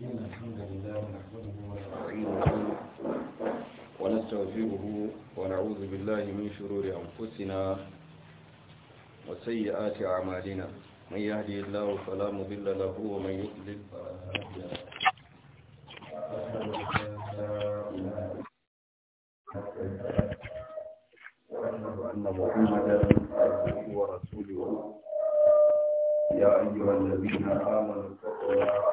إن الحمد لله نحمده ونستعينه ونستغفره ونعوذ بالله من شرور أنفسنا وسيئات أعمالنا من يهدي الله فلا مضل له ومن يضلل فلا هادي له وأشهد أن محمدا عبده ورسوله يا أيها الذين آمنوا اتقوا الله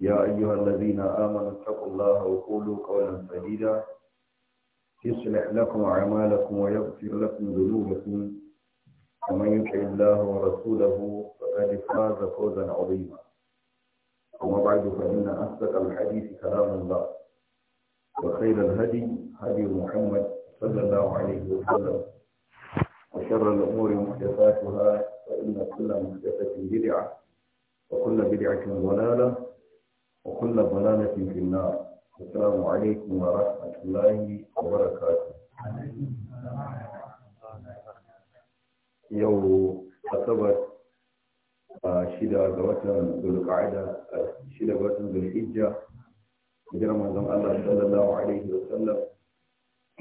يا أيها الذين آمنوا اتقوا الله وقولوا قولا سديدا يصلح لكم أعمالكم ويغفر لكم ذنوبكم ومن يطع الله ورسوله فقد فاز فوزا عظيما أما بعد فإن أصدق الحديث كلام الله وخير الهدي هدي محمد صلى الله عليه وسلم وشر الأمور محدثاتها فإن كل محدثة بدعة وكل بدعة ضلالة وكل ضلالة في النار السلام عليكم ورحمة الله وبركاته يوم أصبت شدة وتر ذو القعدة شدة وتر ذو الحجة hijirar manzon Allah sallallahu alaihi wa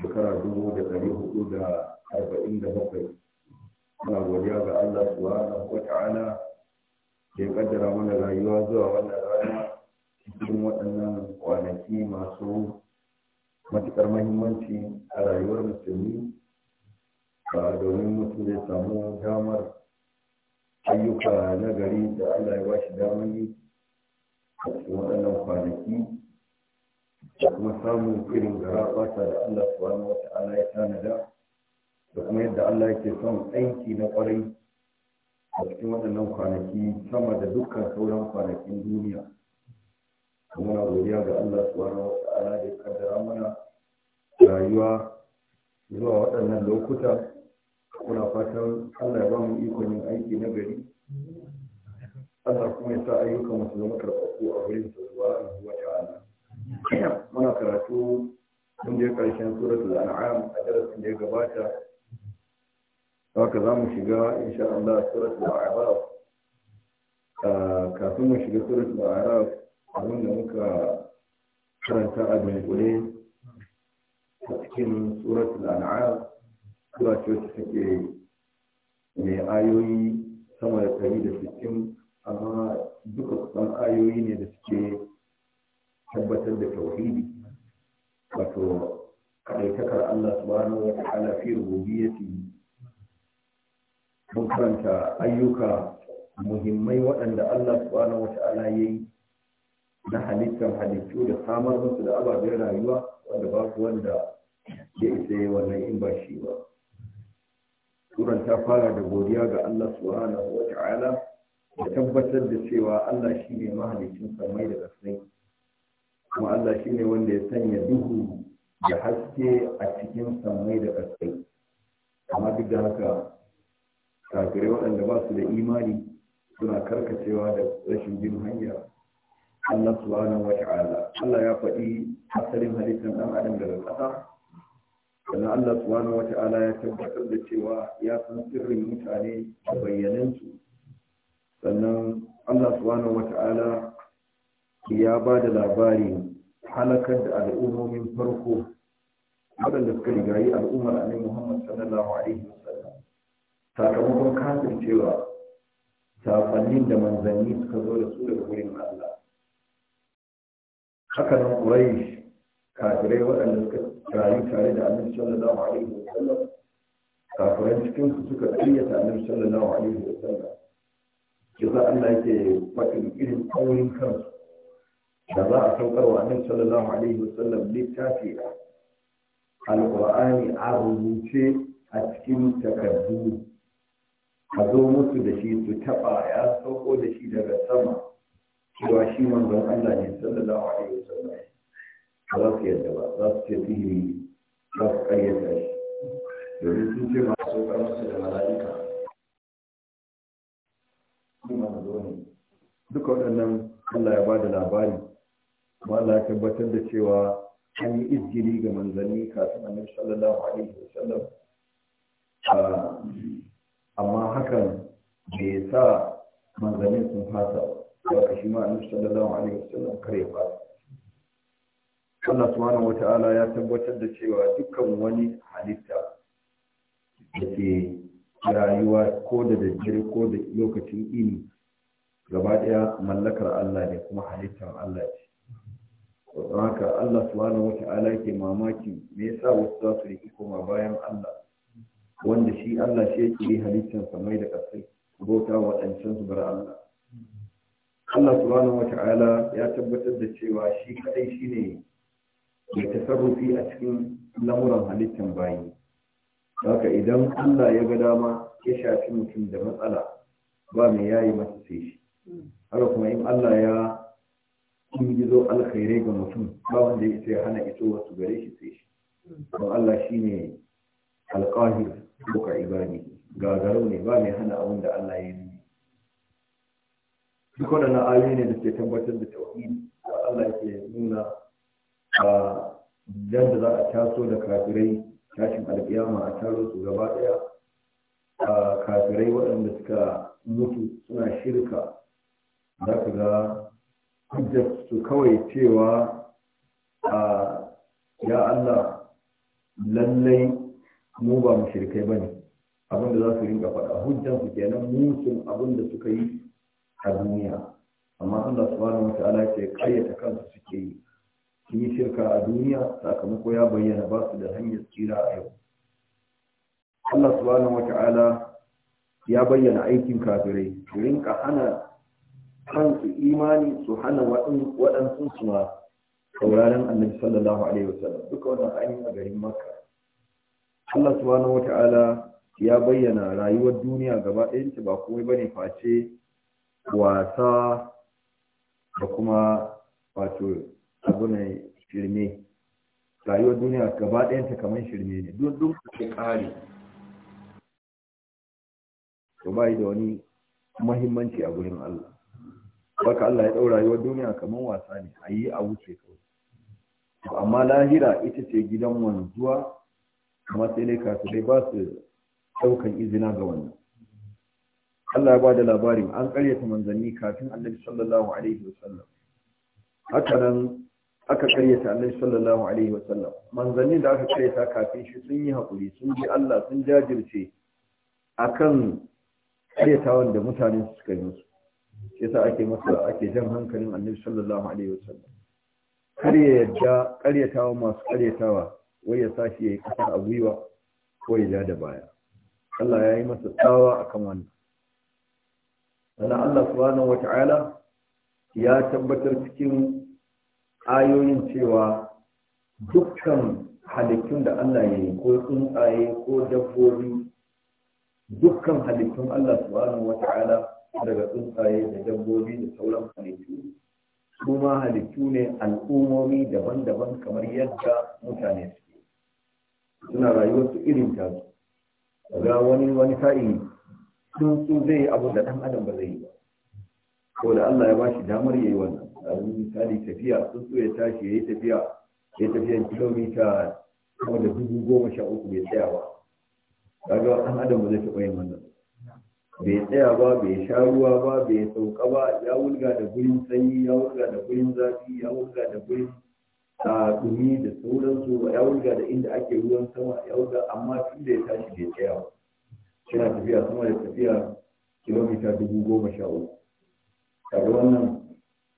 sallam dubu da ɗari da arba'in da bakwai muna godiya ga Allah subhanahu wa ta'ala da ya kaddara mana rayuwa zuwa wannan waɗannan kwanaki masu matuƙar mahimmanci a rayuwar musulmi ba domin mutum zai samu damar ayyuka na gari da allah ya ba shi damar yi a cikin waɗannan kwanaki da kuma samun irin gara ɓata da allah wani wata ana ya tanada da kuma yadda allah yake son aiki na ƙwarai a cikin waɗannan kwanaki sama da dukkan sauran kwanakin duniya muna godiya ga Allah subhanahu wa ta'ala da ya kaddara mana rayuwa zuwa waɗannan lokuta muna fatan Allah ya ba mu iko yin aiki na gari Allah kuma ya sa ayyukan mu su zama karfafu a wurin sa subhanahu wa ta'ala muna karatu mun je karshen suratul an'am a darasin da ya gabata haka za mu shiga insha Allah suratul a'raf ah, kafin mu shiga suratul a'raf abin da muka karanta a dunkule a cikin suratul an'am sura ce wacce take mai ayoyi sama da tari da sittin amma duka kusan ayoyi ne da suke tabbatar da tauhidi wato kaɗaitakar Allah subhanahu wa ta'ala fi rububiyyati mun karanta ayyuka muhimmai waɗanda Allah subhanahu wa ta'ala ya yi na halittar halittu da samar musu da ababen rayuwa wanda ba su wanda ya isa yi wannan in ba shi ba turan ta fara da godiya ga Allah subhanahu wa ta'ala da tabbatar da cewa Allah shi ne mahalicin samai da kasai kuma Allah shi ne wanda ya sanya duhu da haske a cikin samai da kasai amma duk da haka kafirai waɗanda ba su da imani suna karkacewa da rashin jin hanya Allah subhanahu wa ta'ala Allah ya faɗi asalin halittar ɗan adam daga ƙasa sannan Allah subhanahu wa ta'ala ya tabbatar da cewa ya san sirrin mutane da bayyanansu sannan Allah subhanahu wa ta'ala ya ba da labari halakar da al'ummomin farko waɗanda suka rigayi al'ummar annabi Muhammad sallallahu alaihi wasallam sakamakon kafin cewa safannin da manzanni suka zo da su daga wurin Allah haka nan ƙurai kafirai waɗanda suka rayu tare da annabi sallallahu alaihi wa sallam kafiran cikin su suka ƙaryata annabi sallallahu alaihi wa sallam za Allah yake faɗin irin ƙaurin kansu da za a saukar wa annabi sallallahu alaihi wa sallam littafi alƙur'ani a rubuce a cikin takardu a zo musu da shi su taɓa ya sauko da shi daga sama cewa shi manzon Allah ne sallallahu alaihi wasallam ba za su yadda ba za su ce sihiri ba su kayyata shi domin sun ce masu karfasa da mala'ika kuma na zo ne duka waɗannan Allah ya ba da labari kuma Allah ya tabbatar da cewa an yi izgiri ga manzanni kafin annabi sallallahu alaihi wasallam ah, amma hakan bai sa manzannin sun fasa ba haka shi ba Allah subhanahu wata'ala ya tabbatar da cewa dukkan wani halitta da ke rayuwa ko da daddare ko da lokacin ini gaba daya mallakar Allah ne kuma halittar Allah ce don haka Allah subhanahu wata'ala mamaki me yasa wasu za su riƙi koma bayan Allah wanda shi Allah shi yake halittar samai da ƙasai bauta waɗancan su bar Allah Allah subhanahu wata'ala ya tabbatar da cewa shi kadai shine mai tasarrufi a cikin lamuran halittan bayi haka idan Allah ya ga dama ya shafi mutum da matsala ba mai yayi masa sai shi haka kuma in Allah ya gizo alkhairai ga mutum ba wanda ya sai hana iso wasu gare shi sai shi don Allah shine alqahir ko ka ibadi gagarau ne ba mai hana abin da Allah ya yi duk waɗannan ayoyi ne da ke tabbatar da tauhid da Allah ke nuna a ah, yadda za a taso da kafirai tashin alƙiyama a taro su gaba ɗaya a ah, kafirai waɗanda suka mutu suna shirka za ka ga hujjar su kawai cewa a ah, ya Allah lallai mu ba mu shirkai ba ne abinda za su rinka faɗa hujjan su kenan musun abinda suka yi ta duniya amma Allah subhanahu wata'ala ke kayyata kansu suke yi sun yi shirka a duniya sakamako ya bayyana ba su da hanyar tsira a yau Allah subhanahu wata'ala ya bayyana aikin kafirai su rinka hana kansu imani su hana waɗansu su ma sauraron annabi sallallahu alaihi wasallam duka wannan ainihin a garin makka Allah subhanahu wata'ala ya bayyana rayuwar duniya gaba ɗayanta ba komai bane face wasa da kuma wato abu ne shirme rayuwar duniya gaba ɗayanta kamar shirme ne duk duk ke ƙare to ba da wani mahimmanci a gurin Allah baka Allah ya ɗau rayuwar duniya kaman wasa ne a yi a wuce kawai amma lahira ita ce gidan wanzuwa kuma sai ne kasu dai ba su ɗaukan izina ga wannan Allah ya da labari an karyata manzanni kafin Annabi sallallahu alaihi wasallam haka nan aka karyata Annabi sallallahu alaihi wasallam manzanni da aka karyata kafin shi sun yi hakuri sun ji Allah sun jajirce akan karyatawan da mutane suka yi musu sa ake masa ake jan hankalin Annabi sallallahu alaihi wasallam kar ya yadda karyatawa masu karyatawa wai ya sashi ya yi kasa a gwiwa ko ya ja da baya Allah ya yi masa tsawa akan wannan sannan Allah subhanahu ta'ala ya tabbatar cikin ayoyin cewa dukkan halittun da Allah ya yi ko tsuntsaye ko dabbobi dukkan halittun Allah subhanahu ta'ala daga tsuntsaye da dabbobi da sauran halittu su ma halittu ne al'umomi daban-daban kamar yadda mutane suke suna rayuwarsu irin tasu ga wani wani sa'in tsuntsu zai yi abu da ɗan adam ba zai yi ba ko da Allah ya bashi damar yayi wannan abin misali tafiya so ya tashi ya yi tafiya ya tafiya kilomita sama da dubu goma sha uku bai tsaya ba kaga ɗan adam ba zai taɓa yin wannan bai tsaya ba bai sha ruwa ba bai sauka ba ya wulga da gurin sanyi ya wulga da gurin zafi ya wulga da gurin dumi da sauransu ya wulga da inda ake ruwan sama ya wulga amma tun da ya tashi bai tsaya ba yana tafiya sama da tafiya kilomita dubu goma sha uku kaga wannan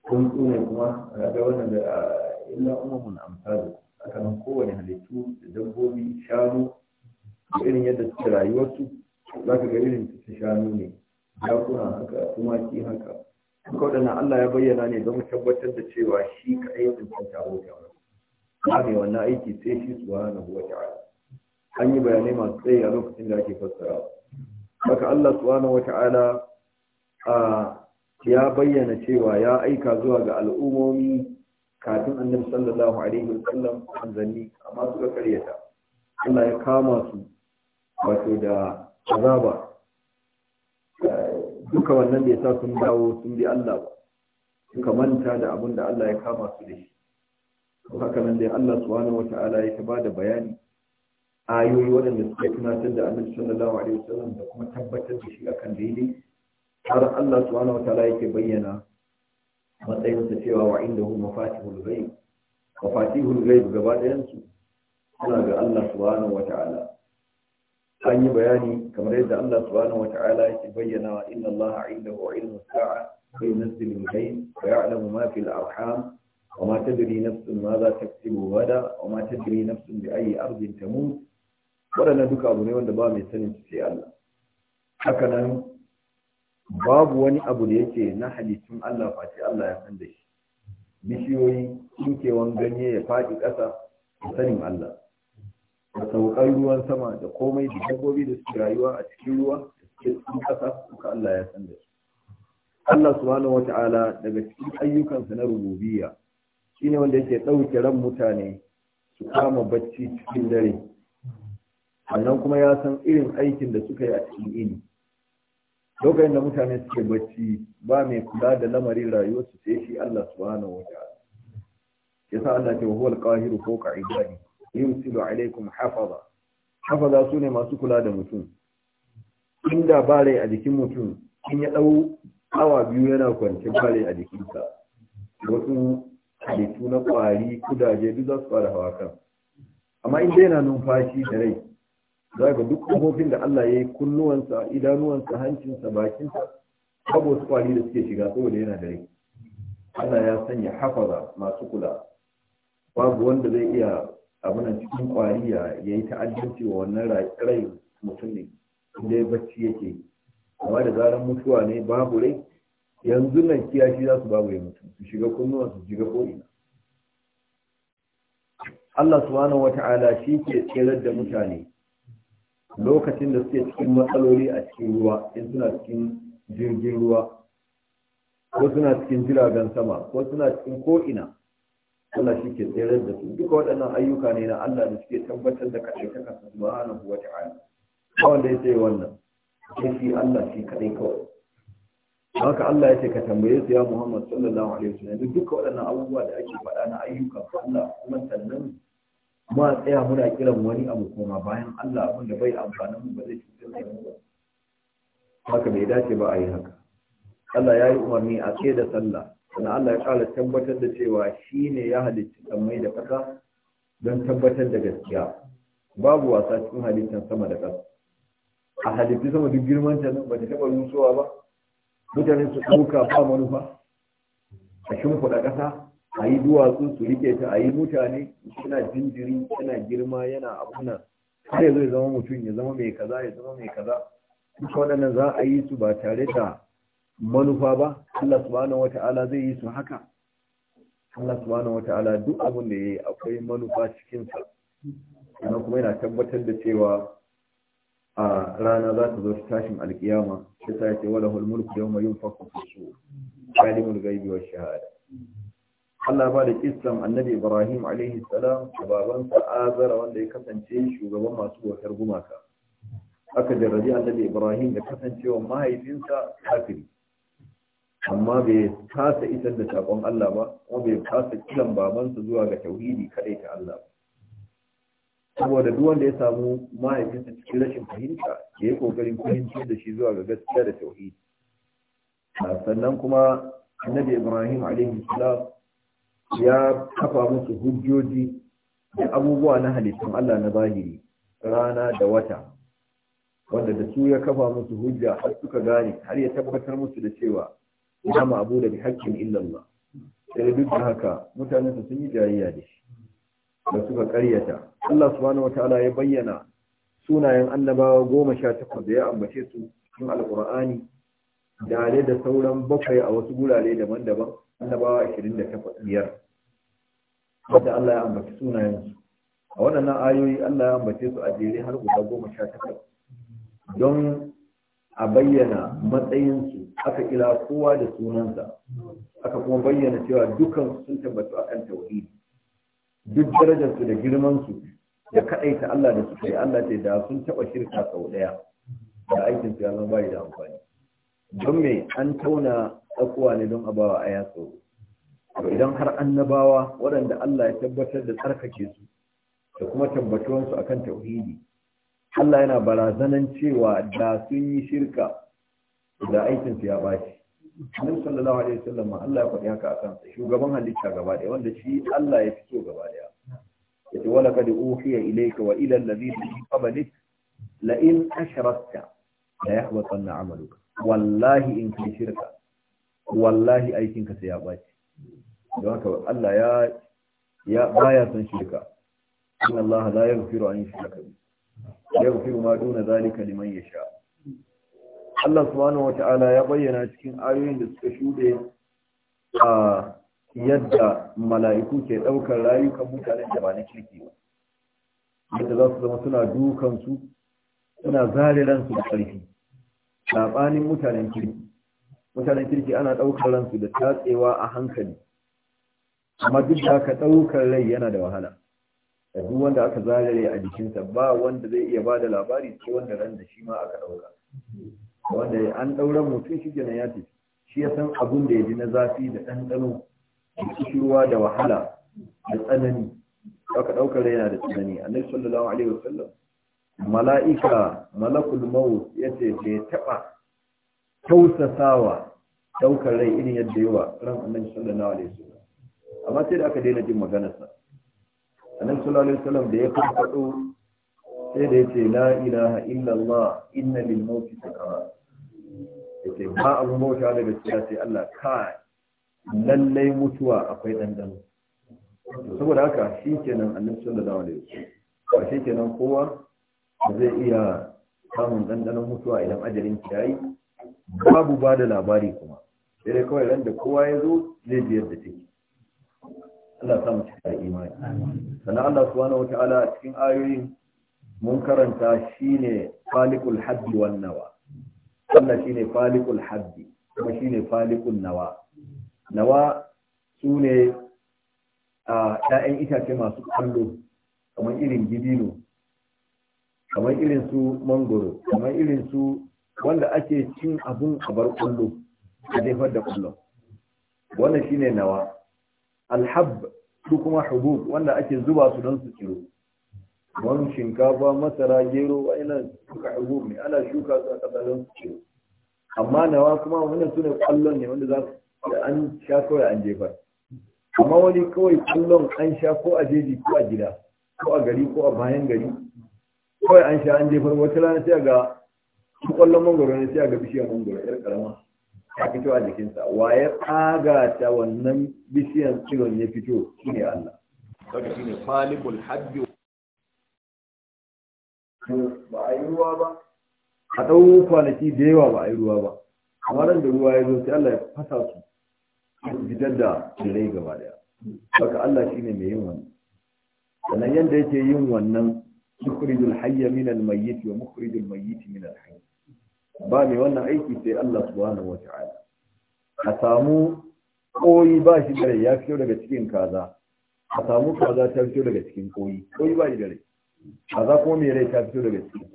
tuntu ne kuma kaga wannan da ah, illa umamun amsalu aka nan kowane halittu da dabbobi shanu da irin yadda suke rayuwarsu za ka ga irin su shanu ne jakuna haka tumaki haka duka waɗannan Allah ya bayyana ne don tabbatar da cewa shi kaɗai ya taro bauta ba ne wannan aiki sai shi su wa ta'ala an yi bayanai masu tsayi a lokacin da ake fassara. Baka Allah subhanahu wata'ala ya bayyana cewa ya aika zuwa ga al'ummomi kafin annabi sallallahu alaihi wasallam manzanni amma suka karyata Allah ya kama su wato da azaba duka wannan da yasa sun dawo sun bi Allah ba suka manta da abin da Allah ya kama su da shi haka nan dai Allah subhanahu wata'ala ya ta bada bayani ayoyi waɗanda suke tunatar da annabi sallallahu alaihi wasallam da kuma tabbatar da shi akan daidai har Allah subhanahu wataala yake bayyana matsayinsa cewa wa inda indahu mafatihul ghaib mafatihul ghaib gaba ɗayan su suna ga Allah subhanahu wataala an yi bayani kamar yadda Allah subhanahu wata'ala yake bayyana wa inna Allah indahu ilmu sa'a fa yunzilu al-ghayb wa ya'lamu ma fil arham wa ma tadri nafsun ma za taksibu ghadan wa ma tadri nafsun bi ayyi ardin tamut waɗanda duka abu ne wanda ba mai sanin su sai Allah haka nan babu wani abu da yake na halittun Allah face Allah ya san da shi bishiyoyi kinkewan ganye ya faɗi ƙasa da sanin Allah da sauƙar ruwan sama da komai da dabbobi da suke rayuwa a cikin ruwa da suke cikin ƙasa duka Allah ya san da shi Allah subhanahu ta'ala daga cikin ayyukansa na rububiyya shine wanda yake ɗauke ran mutane su kama bacci cikin dare sannan kuma ya san irin aikin da suka yi a cikin ini lokacin da mutane suke bacci ba mai kula da lamarin rayuwarsu sai shi Allah subhanahu wa ta'ala yasa Allah ce wa huwal qahiru fawqa ibadi yumsilu alaikum hafaza hafaza sune masu kula da mutum inda ba rai a jikin mutum in ya dau awa biyu yana kwance ba rai a jikinsa wasu halittu na kwari kudaje duk za su fara hawa kan amma in dai yana numfashi da rai za ga duk kofofin da Allah ya yi kunnuwansa idanuwansa hancinsa bakinsa babu wasu kwari da suke shiga saboda yana da rai Allah ya sanya hafaza masu kula babu wanda zai iya abunan cikin kwari ya yi ta'addanci wa wannan rai mutum ne inda ya bacci yake amma da zarar mutuwa ne babu rai yanzu nan kiyashi za su babu ya su shiga kunnuwan su shiga ko'ina Allah subhanahu wata'ala shi ke tsirar da mutane lokacin da suke cikin matsaloli a cikin ruwa in suna cikin jirgin ruwa ko suna cikin jiragen sama ko suna cikin ko'ina Allah shi ke tsere da su duka waɗannan ayyuka ne na Allah da suke tabbatar da kaɗai ta kasa subhanahu wa ta'ala ba wanda ya sai wannan sai shi Allah shi kaɗai kawai haka Allah ya ce ka tambaye su ya Muhammad sallallahu alaihi wasallam duka waɗannan abubuwa da ake faɗa na ayyuka Allah kuma sannan ma tsaya muna kiran wani abu koma bayan Allah abin da bai amfanin mu ba zai cutar da mu ba haka bai dace ba a yi haka Allah ya yi umarni a ce da sallah sannan Allah ya kala tabbatar da cewa shi ne ya halicci samai da ƙasa don tabbatar da gaskiya babu wasa cikin halittar sama da ƙasa a halittu sama duk girman ta ba ta taɓa rusowa ba mutane su ɗauka ba manufa a shimfiɗa ƙasa a yi duwatsu su rike ta a yi mutane suna jinjiri suna girma yana abuna har ya zai zama mutum ya zama mai kaza ya zama mai kaza duk waɗannan za a yi su ba tare da manufa ba Allah subhanahu wata'ala zai yi su haka Allah subhanahu wata'ala duk abin da ya yi akwai manufa cikinsa sannan kuma yana tabbatar da cewa a rana za ta zo ta tashin alkiyama sai ta ce wala hul mulku yawma yunfaku fi sur alimul ghaibi wash shahada Allah ba da islam annabi Ibrahim alaihi salam da babansa Azara wanda ya kasance shugaban masu bautar gumaka. Aka jarrabi annabi Ibrahim da kasancewa mahaifinsa kafiri. Amma bai kasa isar da takon Allah ba, kuma bai kasa kiran babansa zuwa ga tauhidi kaɗai ta Allah Saboda duk wanda ya samu mahaifinsa cikin rashin fahimta, ya yi ƙoƙarin fahimtar da shi zuwa ga gaskiya da tauhidi. Sannan kuma annabi Ibrahim alaihi salam ya kafa musu hujjoji da abubuwa na halittun Allah na zahiri rana da wata wanda da su ya kafa musu hujja har suka gane har ya tabbatar musu da cewa 'Ya abu da bi haƙƙin illallah sai duk da haka mutanen su sun yi jayayya da shi da suka ƙaryata Allah subhanahu wataala ya bayyana sunayen annabawa goma sha takwas da ya ambace su cikin alqur'ani da da sauran bakwai a wasu gurare daban-daban annabawa 28 biyar wanda Allah ya ambaci sunayensu a waɗannan ayoyi Allah ya ambace su a jere har guda goma sha takwas don a bayyana matsayinsu aka kira kowa da sunansa aka kuma bayyana cewa dukan sun tabbatu kan tauhidi duk darajarsu da girmansu da kaɗaita Allah da suka yi Allah ce da sun taɓa shirka sau ɗaya da aikin su ya zama bai da amfani don me an tauna tsakuwa ne don abawa aya tsoro idan har annabawa waɗanda Allah ya tabbatar da tsarkake su da kuma tabbatuwansu akan tauhidi Allah yana barazanan cewa da sun yi shirka da aikinsu ya bashi Annabi sallallahu alaihi wasallam Allah ya faɗi haka akan shugaban halitta gaba ɗaya wanda shi Allah ya fito gaba ɗaya yace wala kad uhiya ilayka wa ila alladhina min qablik la in ashrakta la yahbatanna 'amaluka wallahi in kai shirka wallahi aikin ka sai ya baci don haka Allah ya ya baya son shirka inna Allah la yaghfiru an yushraka bi yaghfiru ma duna zalika liman yasha Allah subhanahu wata'ala ya bayyana cikin ayoyin da suka shude a yadda mala'iku ke daukar rayukan mutanen da ba na kirki ba yadda za su zama suna dukansu suna zare ransu da ƙarfi saɓanin mutanen kirki mutanen kirki ana ɗaukar ransu da tatsewa a hankali amma duk da ka ɗaukar rai yana da wahala da duk wanda aka zarare a jikinsa ba wanda zai iya ba da labari ko wanda ran da shi ma aka ɗauka wanda an ɗaura mutum shi ya tafi shi ya san abun da ya ji na zafi da ɗanɗano da kishirwa da wahala da tsanani aka ɗaukar rai yana da tsanani annabi sallallahu alaihi wasallam mala'ika malakul yace ce taɓa tausasawa daukar rai irin yadda yawa ran annan sallallahu alaihi wasallam amma sai da aka daina jin maganarsa annan sallallahu alaihi wasallam da ya farfado sai da yace la ilaha illa allah inna lil mauti sakarat yace ba abu mota da gaskiya sai allah ka, lallai mutuwa akwai dandano saboda haka shi kenan annan sallallahu alaihi wasallam shi kenan kowa zai iya samun dandanon mutuwa idan ajalin ki yayi babu ba da labari kuma sai dai kawai ran da kowa ya zo zai biyar da take Allah samu a imani sannan Allah subhanahu wataala a cikin ayoyin mun karanta shine falikul haddi wan nawa Allah shine falikul haddi kuma shine falikul nawa nawa sune a ƴaƴan itace masu kallo kamar irin gidino kamar irin su mangoro kamar irin su wanda ake cin abun a bar kullu a jefar da kullum wannan shine nawa alhab su kuma hubub wanda ake zuba su don su ciro wani shinkafa masara gero ina suka hubub ne ana shuka su a ƙasa don su ciro amma nawa kuma wannan su ne kwallon ne wanda za su an sha kawai an jefar amma wani kawai kullum an sha ko a jeji ko a gida ko a gari ko a bayan gari kawai an sha an jefar wata rana sai ga shi kwallon mangoro ne sai a ga bishiyar mangoro yar karama Ya fito a jikinsa wa ya tsaga ta wannan bishiyar tsiron ya fito shi ne Allah saka shi ne falibul haddi ba a yi ruwa ba a ɗau kwanaki da yawa ba a yi ruwa ba amma nan da ruwa ya zo sai Allah ya fasa su fitar da rai gaba daya saka Allah shine mai yin wannan sannan yadda yake yin wannan yukhrijul hayya min al wa mukhrijul mayyit min al ba mai wannan aiki sai Allah subhanahu wata'ala a samu koyi ba shi rai ya fito daga cikin kaza a samu kaza ta fito daga cikin koyi koyi ba shi da kaza ko mai rai ta fito daga cikin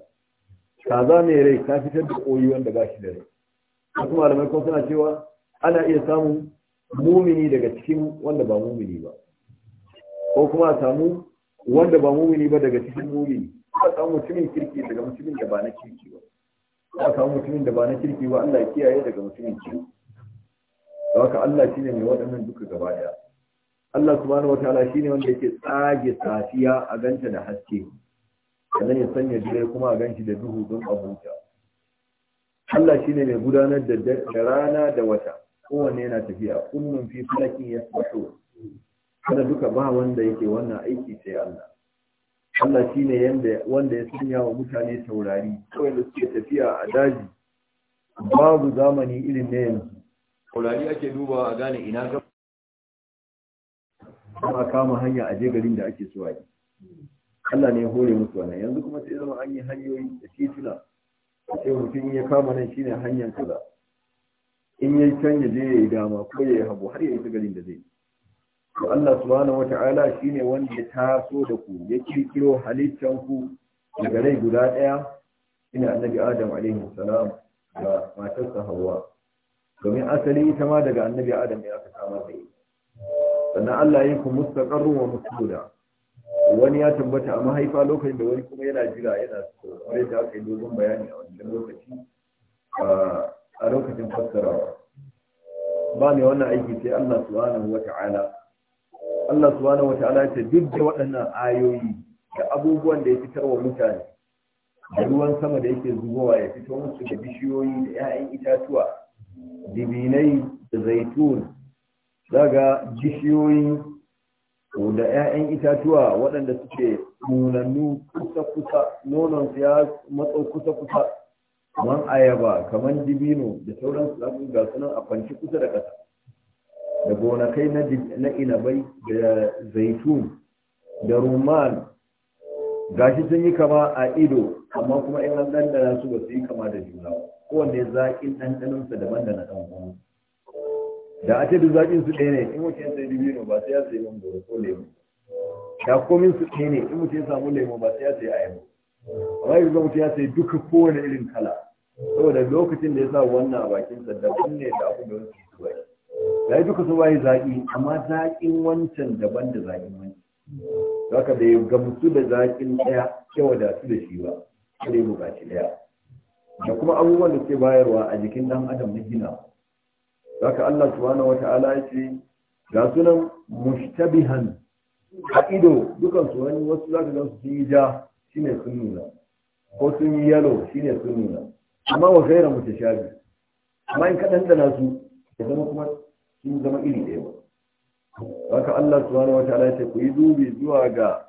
kaza mai rai ta fitar da koyi wanda ba shi wasu malamai ko suna cewa ana iya samun mumini daga cikin wanda ba mumini ba ko kuma a samu wanda ba mumini ba daga cikin mumini ba samu mutumin kirki daga mutumin da ba na kirki ba ba samu mutumin da ba na kirki ba Allah ya kiyaye daga mutumin kirki da haka Allah shine mai waɗannan duka gaba daya Allah subhanahu wataala shine wanda yake tsage safiya a ganta da haske sannan ya sanya dare kuma a ganshi da duhu don abuta Allah shine mai gudanar da rana da wata kowanne yana tafiya kullum fi falakin yasbahu kada duka ba wanda yake wannan aiki sai Allah Allah shine yanda wanda ya sanya wa mutane taurari, ko da suke tafiya a daji babu zamani irin na yanzu saurari ake duba a gane ina ga a kama hanya a je garin da ake so a yi Allah ne ya hore musu wannan yanzu kuma sai zama an yi hanyoyi da tituna sai mutum ya kama nan shine hanyar kaza in ya can je ya yi dama ko ya yi hagu har ya yi garin da zai yi to Allah subhanahu wata'ala shine wanda ya taso da ku ya kirkiro halittan ku daga rai guda ɗaya ina annabi Adam alaihi salam da matarsa Hawwa domin asali ita ma daga annabi Adam ne aka kama da ita sannan Allah ya ku mustaqarrun wa musuda. wani ya tambata a mahaifa lokacin da wani kuma yana jira yana wani da aka yi dogon bayani a wancan lokaci a lokacin fassarawa ba ne wannan aiki sai Allah subhanahu wa ta'ala Allah subhanahu wa ta'ala ta duk da waɗannan ayoyi da abubuwan da ya fitar wa mutane da ruwan sama da yake zubowa ya fito musu da bishiyoyi da 'ya'yan itatuwa dibinai da zaitun daga bishiyoyi da 'ya'yan itatuwa waɗanda suke nunannu kusa-kusa nonon ya matso kusa-kusa kamar ayaba kamar dibino da sauransu za su ga sunan a kwanci kusa da ƙasa da gonakai na inabai da zaitun da rumman gashi sun yi kama a ido amma kuma in an dandana su ba su yi kama da juna kowanne zaƙin ɗanɗanonsa daban da na ɗan uwan da a ce duk zaƙin su ɗaya ne in mutum sai dibino ba sai ya sai man goro ko lemu da komin su ɗaya ne in mutum ya samu lemu ba sai ya sai ayaba amma yanzu mutum ya sayi duka kowane irin kala saboda lokacin da ya sa wannan a bakinsa daban ne da abu da wasu su baki ya duka su bayi zaƙi amma zaƙin wancan daban da zaƙin za ka da ya gamsu da zaƙin ɗaya ya wadatu da shi ba kada ya buƙaci ɗaya da kuma abubuwan da ke bayarwa a jikin ɗan adam na gina ka Allah subhanahu wa ta'ala ya ce ga sunan mushtabihan a ido dukan wani wasu za ka gansu sun yi ja shine sun nuna ko sun yi yalo shine sun nuna amma wa gaira mutashabi amma in ka ɗanɗana su ya zama kuma sun zama iri ɗaya ba haka Allah subhanahu wataala ya ce ku yi dubi zuwa ga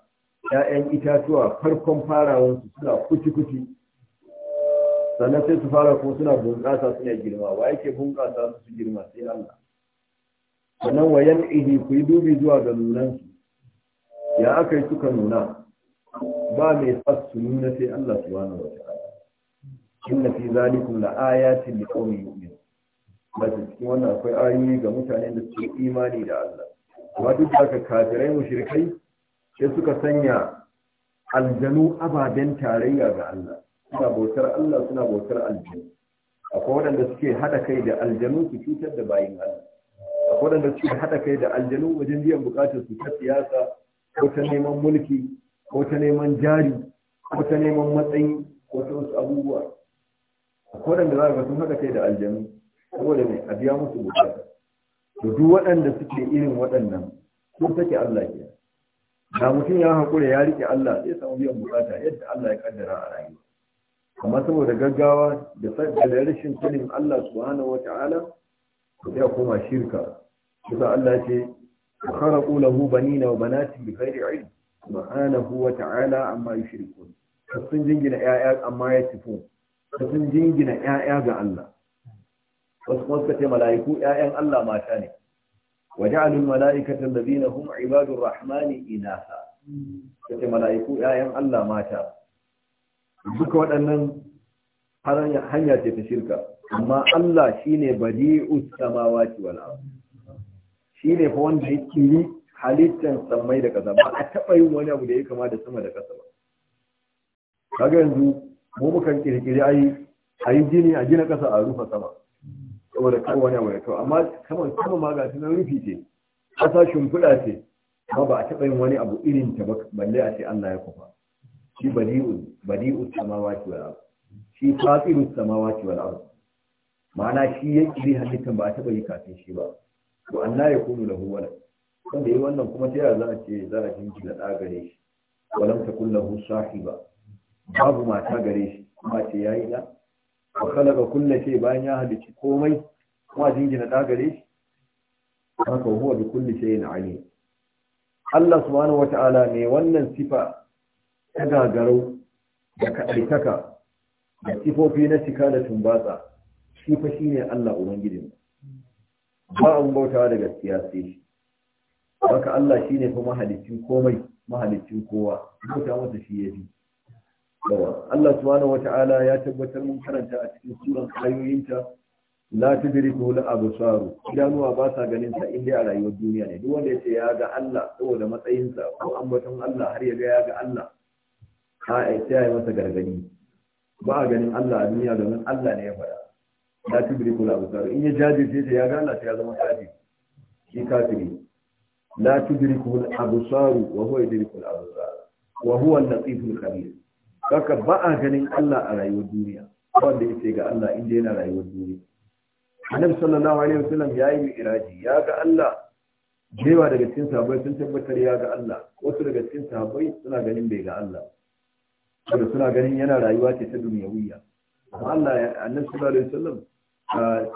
'ya'yan itatuwa farkon farawansu suna kuci-kuci sannan sai su fara kuma suna bunƙasa suna girma wa yake bunƙasa su girma sai Allah sannan wa yan'ihi ku yi dubi zuwa ga nunansu ya aka yi suka nuna ba mai sa su nuna sai Allah subhanahu wataala inna fi zalikum la ayatin li qaumin yu'minun mace wannan akwai ayoyi ga mutanen da suke imani da Allah amma duk da haka kafirai mushrikai sai suka sanya aljanu ababen tarayya ga Allah suna bautar Allah suna bautar aljanu akwai waɗanda suke haɗa kai da aljanu su cutar da bayin Allah akwai waɗanda suke haɗa kai da aljanu wajen biyan bukatar su ta siyasa ko ta neman mulki ko ta neman jari ko ta neman matsayi ko ta wasu abubuwa akwai waɗanda za ka sun haɗa kai da aljanu saboda mai a biya musu bukata to duk waɗanda suke irin waɗannan sun take Allah ke da mutum ya haƙura ya riƙe Allah sai samu biyan bukata yadda Allah ya kaddara a rayuwa amma saboda gaggawa da da rashin sanin Allah subhanahu wata'ala sai koma shirka kusa Allah ce kharaqu lahu banina wa banatin bi ghairi ilm subhanahu wata'ala amma yushrikun sun jingina ƴaƴa amma ya tifo sun jingina ƴaƴa ga Allah wasu kuma suka ce mala'iku ƴaƴan Allah mata ne wa ja'alul mala'ikata allazina hum ibadur rahmani inasa suka ce mala'iku ƴaƴan Allah mata duka waɗannan hanya ce ta shirka amma Allah shine badi'us samawati wal Shi shine fa wanda ya kiri halittan samai da kasa ba a taɓa yin wani abu da ya kama da sama da kasa ba kaga yanzu mu mukan kirkiri ayi ayi gini a gina ƙasa a rufa sama saboda wani mai kyau amma kamar sama ma ga tunan rufi ce ƙasa shimfiɗa ce amma ba a taɓa yin wani abu irin ta ba balle a ce Allah ya kufa shi badi'u badi'u samawati wal ardh shi fatiru samawati wal ardh ma'ana shi ya kiri halittan ba a taɓa yi kafin shi ba to Allah ya kunu lahu wala wanda yi wannan kuma ta yaya za a ce za a jinkina ɗa gare shi walam takun lahu sahiba babu mata gare shi kuma ce yayi da wa khalaqa kulla shay bayan ya halici komai kuma jingina da gare shi haka huwa bi kulli shay'in alim Allah subhanahu wata'ala ne wannan sifa ta gagarau da kaɗaitaka da sifofi na cika da tumbatsa shi fa shine Allah ubangijin ba an bautawa da gaskiya sai shi haka Allah shine fa mahalicin komai mahalicin kowa bauta masa shi yafi Allah subhanahu wata'ala ya tabbatar mun karanta a cikin suran ayoyinta la tudriku la absaru idanuwa ba sa ganin sa inda a rayuwar duniya ne duk wanda yace ya ga Allah saboda matsayin sa ko ambaton Allah har ya ga ya ga Allah ha ai sai masa gargadi ba a ganin Allah a duniya domin Allah ne ya faɗa la tudriku la absaru in ya jajirce ya ga Allah sai ya zama kafi shi kafiri la tudriku la absaru wa huwa yudriku al absar wa huwa al latif al khabir kaka ba a ganin Allah a rayuwar duniya wanda yake ga Allah inda yana rayuwar duniya annabi sallallahu alaihi wasallam ya yi mi'raji ya ga Allah jewa daga cikin sahabbai sun tabbatar ya ga Allah wasu daga cikin sahabbai suna ganin bai ga Allah saboda suna ganin yana rayuwa ce ta duniyawiya amma Allah ya annabi sallallahu alaihi wasallam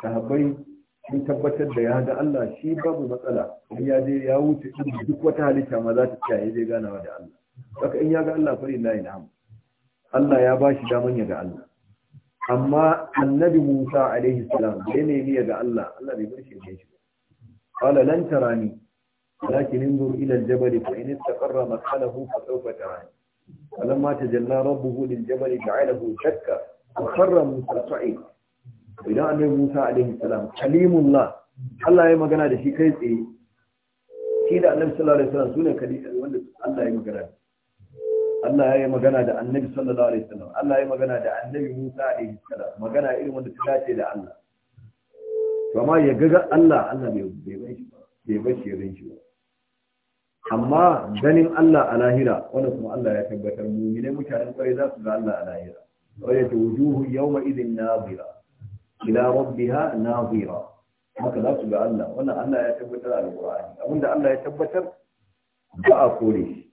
sahabbai sun tabbatar da ya ga Allah shi babu matsala in ya je ya wuce duk wata halitta ma za ta tsaya ya je ganawa da Allah saka in ya ga Allah fa lillahi na'am Allah ya ba shi daman ya ga Allah amma annabi Musa alaihi salam da nemi ya ga Allah Allah bai bar shi ya shi qala lan tarani lakin inzur ila al-jabal fa in istaqarra makanahu fa sawfa tarani فلما تجلى ربه للجبل جعله شكا وخر موسى صعيد إلى أن موسى عليه السلام كليم الله الله يا مغنى ده شي كاي تsaye shi da annabi sallallahu alaihi wasallam sune kadi wanda Allah ya magana da shi. Allah ya yi magana da annabi sallallahu alaihi wasallam Allah ya yi magana da annabi Musa alaihi salam magana irin wanda ta dace da Allah to amma ya ga Allah Allah bai bai shi ba bai bashi ran shi ba amma ganin Allah a lahira wannan kuma Allah ya tabbatar mu ne mutanen kwarai za su ga Allah a lahira wanda ta wujuhu yawma idin nazira ila rabbiha nazira haka za su ga Allah wannan Allah ya tabbatar a Qur'ani abinda Allah ya tabbatar ba a kore shi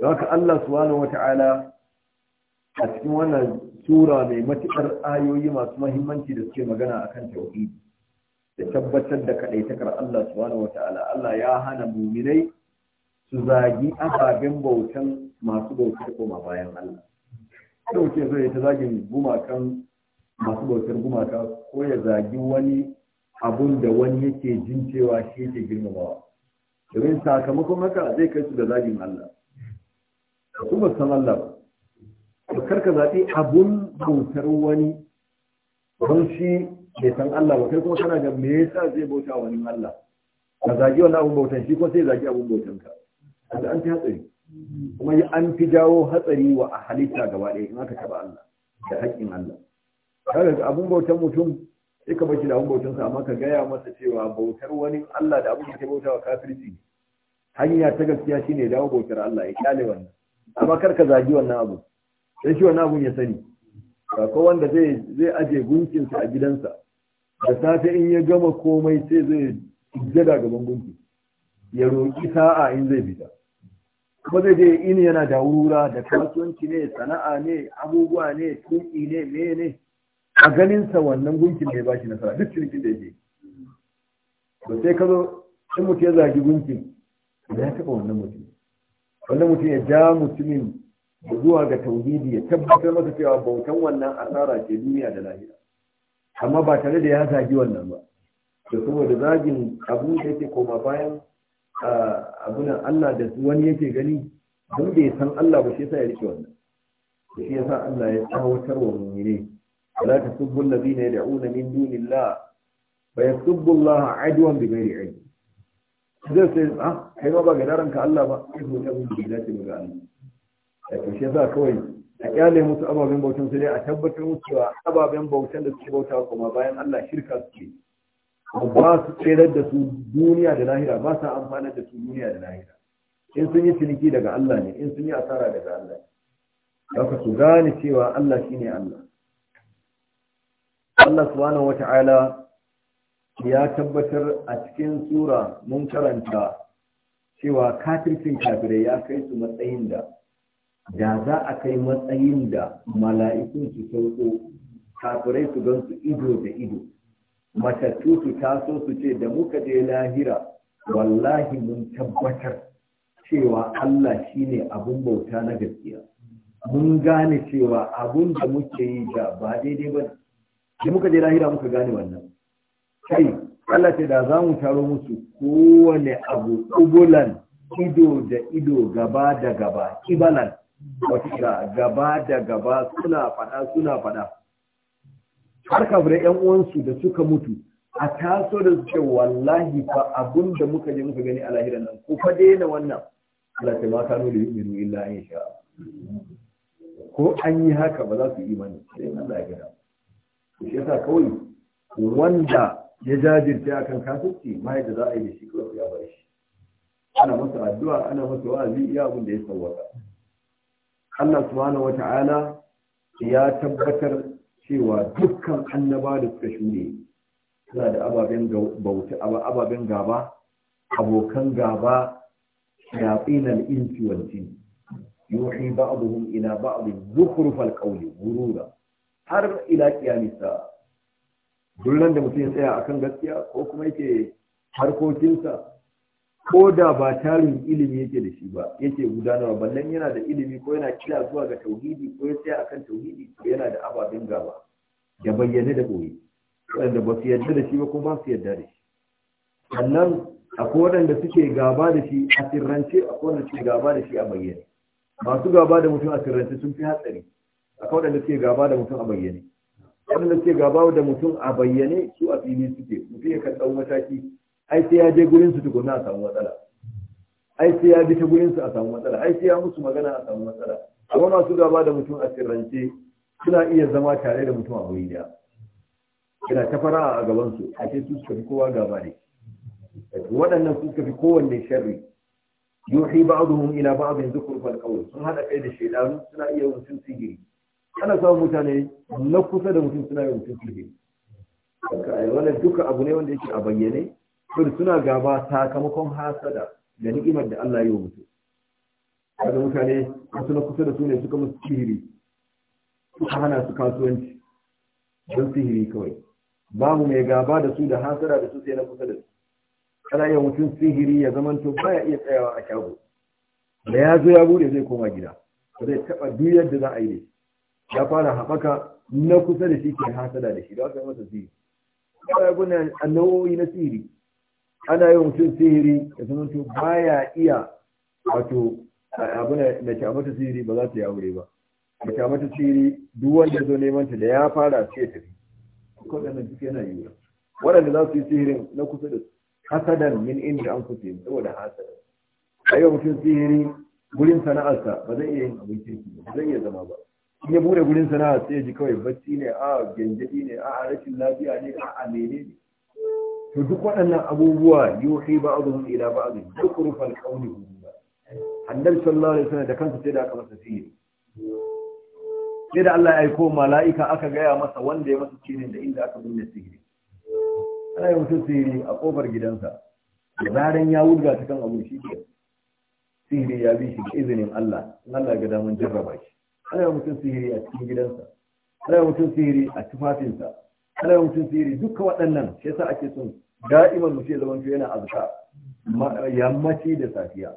don haka Allah subhanahu wata'ala a cikin wannan sura mai matukar ayoyi masu mahimmanci da suke magana a kan tauhidi da tabbatar da kadaitakar Allah subhanahu wata'ala Allah ya hana muminai su zagi ababen bautan masu bautar koma bayan Allah dauke zai ta zagin gumakan masu bautar gumaka ko ya zagi wani abun da wani yake jin cewa shi yake girmamawa domin sakamakon haka zai kai su da zagin Allah Kuma ba san Allah ba to karka zaɓi abun bautar wani don shi bai san Allah ba kai kuma kana ga me yasa zai bauta wani Allah ka zagi wani abun bautan shi ko sai zagi abun bautan ka kaga an fi hatsari kuma an fi jawo hatsari wa a halitta gaba ɗaya in aka taɓa Allah da haƙƙin Allah kaga abun bautan mutum sai ka bashi da abun bautansa amma ka gaya masa cewa bautar wani Allah da abun da ke bautawa kafirci hanya ta gaskiya shine dawo bautar Allah ya kyale wannan amma kar ka zagi wannan abu sai shi wannan abun ya sani ba ko wanda zai zai aje sa a gidansa da safe in ya gama komai sai zai jada gaban gunki ya roƙi sa'a in zai fita kuma zai je in yana da wura da kasuwanci ne sana'a ne abubuwa ne tuƙi ne mene ne a ganinsa wannan gunkin da ya bashi nasara duk cinikin da yake to sai ka zo in mutum ya zagi gunkin ya taɓa wannan mutum wannan mutum ya ja mutumin zuwa ga tauhidi ya tabbatar masa cewa bautan wannan asara ce duniya da lahira amma ba tare da ya zagi wannan ba da saboda zagin abu da yake koma bayan abunan Allah da wani yake gani don bai san Allah ba shi yasa ya rike wannan shi yasa Allah ya tsawatar wa mu'mini la tasubbu alladhina yad'una min dunillah fa yasubbu Allah adwan bighairi ilm zai sai a ah, kai ba ga daren ka Allah ba sai ko abin da dace ga Allah sai shi yasa kawai a kyale musu ababen bautan su a tabbatar musu cewa ababen bautan da suke bauta kuma bayan Allah shirka suke ba su tsere da su duniya da lahira ba sa amfana da su duniya da lahira in sun yi ciniki daga Allah ne in sun yi asara daga Allah ne ka su gane cewa Allah shine Allah Allah subhanahu wata'ala ya tabbatar a cikin sura mun karanta cewa kafircin kafirai ya kai su matsayin da da za a kai matsayin da mala'ikun su sauko kafirai su gan su ido da ido matattu su taso su ce da muka je lahira wallahi mun tabbatar cewa Allah shi ne abun bauta na gaskiya mun gane cewa abun da muke yi ba daidai ba da muka je lahira muka gane wannan kai Allah ce da za mu taro musu kowane abu kubulan ido da ido gaba da gaba kibalan wata gaba da gaba suna fada suna fada har kabirai yan uwansu da suka mutu a taso da suke wallahi fa abun da muka je muka gani a hira nan ko fa na wannan Allah ce ma nuna yi yu'minu illa in sha ko an yi haka ba za su yi mani sai Allah ya gada shi yasa kawai wanda ya jajirce akan kafirci ma da za a yi da shi kawai ya bar shi ana masa addu'a ana masa wa'azi iya abin da ya sauwaka Allah subhanahu wata'ala ya tabbatar cewa dukkan annaba da suka shuɗe suna da ababen bauta ababen gaba abokan gaba shayatin al-insi wal jin yuhi ba'dhum ila ba'd zukhruf al-qawli ghurura har ila qiyamis dullan da mutum ya tsaya akan gaskiya ko kuma yake harkokinsa ko da ba tarin ilimi yake da shi ba yake gudanarwa ballan yana da ilimi ko yana kira zuwa ga tauhidi ko ya tsaya akan tauhidi ko yana da ababen gaba ya bayyane da boye waɗanda ba su yarda da shi ba kuma ba su yarda da shi sannan akwai waɗanda suke gaba da shi a sirrance akwai waɗanda suke gaba da shi a bayyane masu gaba da mutum a sirrance sun fi hatsari akwai waɗanda suke gaba da mutum a bayyane wanda ga bawo da mutum a bayyane su a fili suke mutum ya kan ɗau mataki ai sai ya je gurin su tukuna a samu matsala ai sai ya bi ta gurin su a samu matsala ai sai ya musu magana a samu matsala amma masu gaba da mutum a sirrance suna iya zama tare da mutum a wuri da yana ta fara a gaban su a ce su suka fi kowa gaba ne waɗannan su suka fi kowanne sharri yuhi ba'dhum ila ba'dhin zukhrufal qawl sun hada kai da shaydanu suna iya mutum sigiri ana samun mutane na kusa da mutum suna yin mutum kirki wannan duka abu ne wanda yake a bayyane sun suna gaba sakamakon hasada da ni'imar da Allah ya yi wa mutum kada mutane wasu na kusa da su ne suka musu sihiri suka hana su kasuwanci don sihiri kawai babu mai gaba da su da hasada da su sai na kusa da su kana yin mutum sihiri ya to baya iya tsayawa a shago da ya zo ya bude zai koma gida ba zai taɓa duk yadda za a yi ne. ya fara haɓaka na kusa da shi ke hasada da shi da aka yi masa sihiri ya guna nau'o'i na sihiri ana yi mutum sihiri da sanar, to ya iya wato abu da ke mata sihiri ba za ta yi aure ba da ke mata sihiri duk wanda zo neman ta da ya fara sai tafi kodana duk yana yiwuwa waɗanda za su yi sihirin na kusa da hasadan min inda an kusa saboda hasadan a yi mutum sihiri gurin sana'arsa ba zai iya yin abincin ba zai iya zama ba ya bude gurin sana'a sai ji kawai bacci ne a ganjaɗi ne a rashin lafiya ne a amene ne to duk waɗannan abubuwa yuhi ba azuhum ila ba azuhum duk rufal kauni ba annabi sallallahu alaihi wasallam da kansa sai da aka masa sihiri sai da Allah ya aiko mala'ika aka gaya masa wanda ya masa cinin da inda aka binne sihiri ana yi mutum sihiri a kofar gidansa da ya wurga ta kan shi ke sihiri ya bi shi da izinin Allah in Allah ga damun jarraba shi ana mutum sihiri a cikin gidansa ana mutum sihiri a tufafinsa ana mutum sihiri duka waɗannan shi yasa ake son da'iman mu ya zaman yana azka yammaci da safiya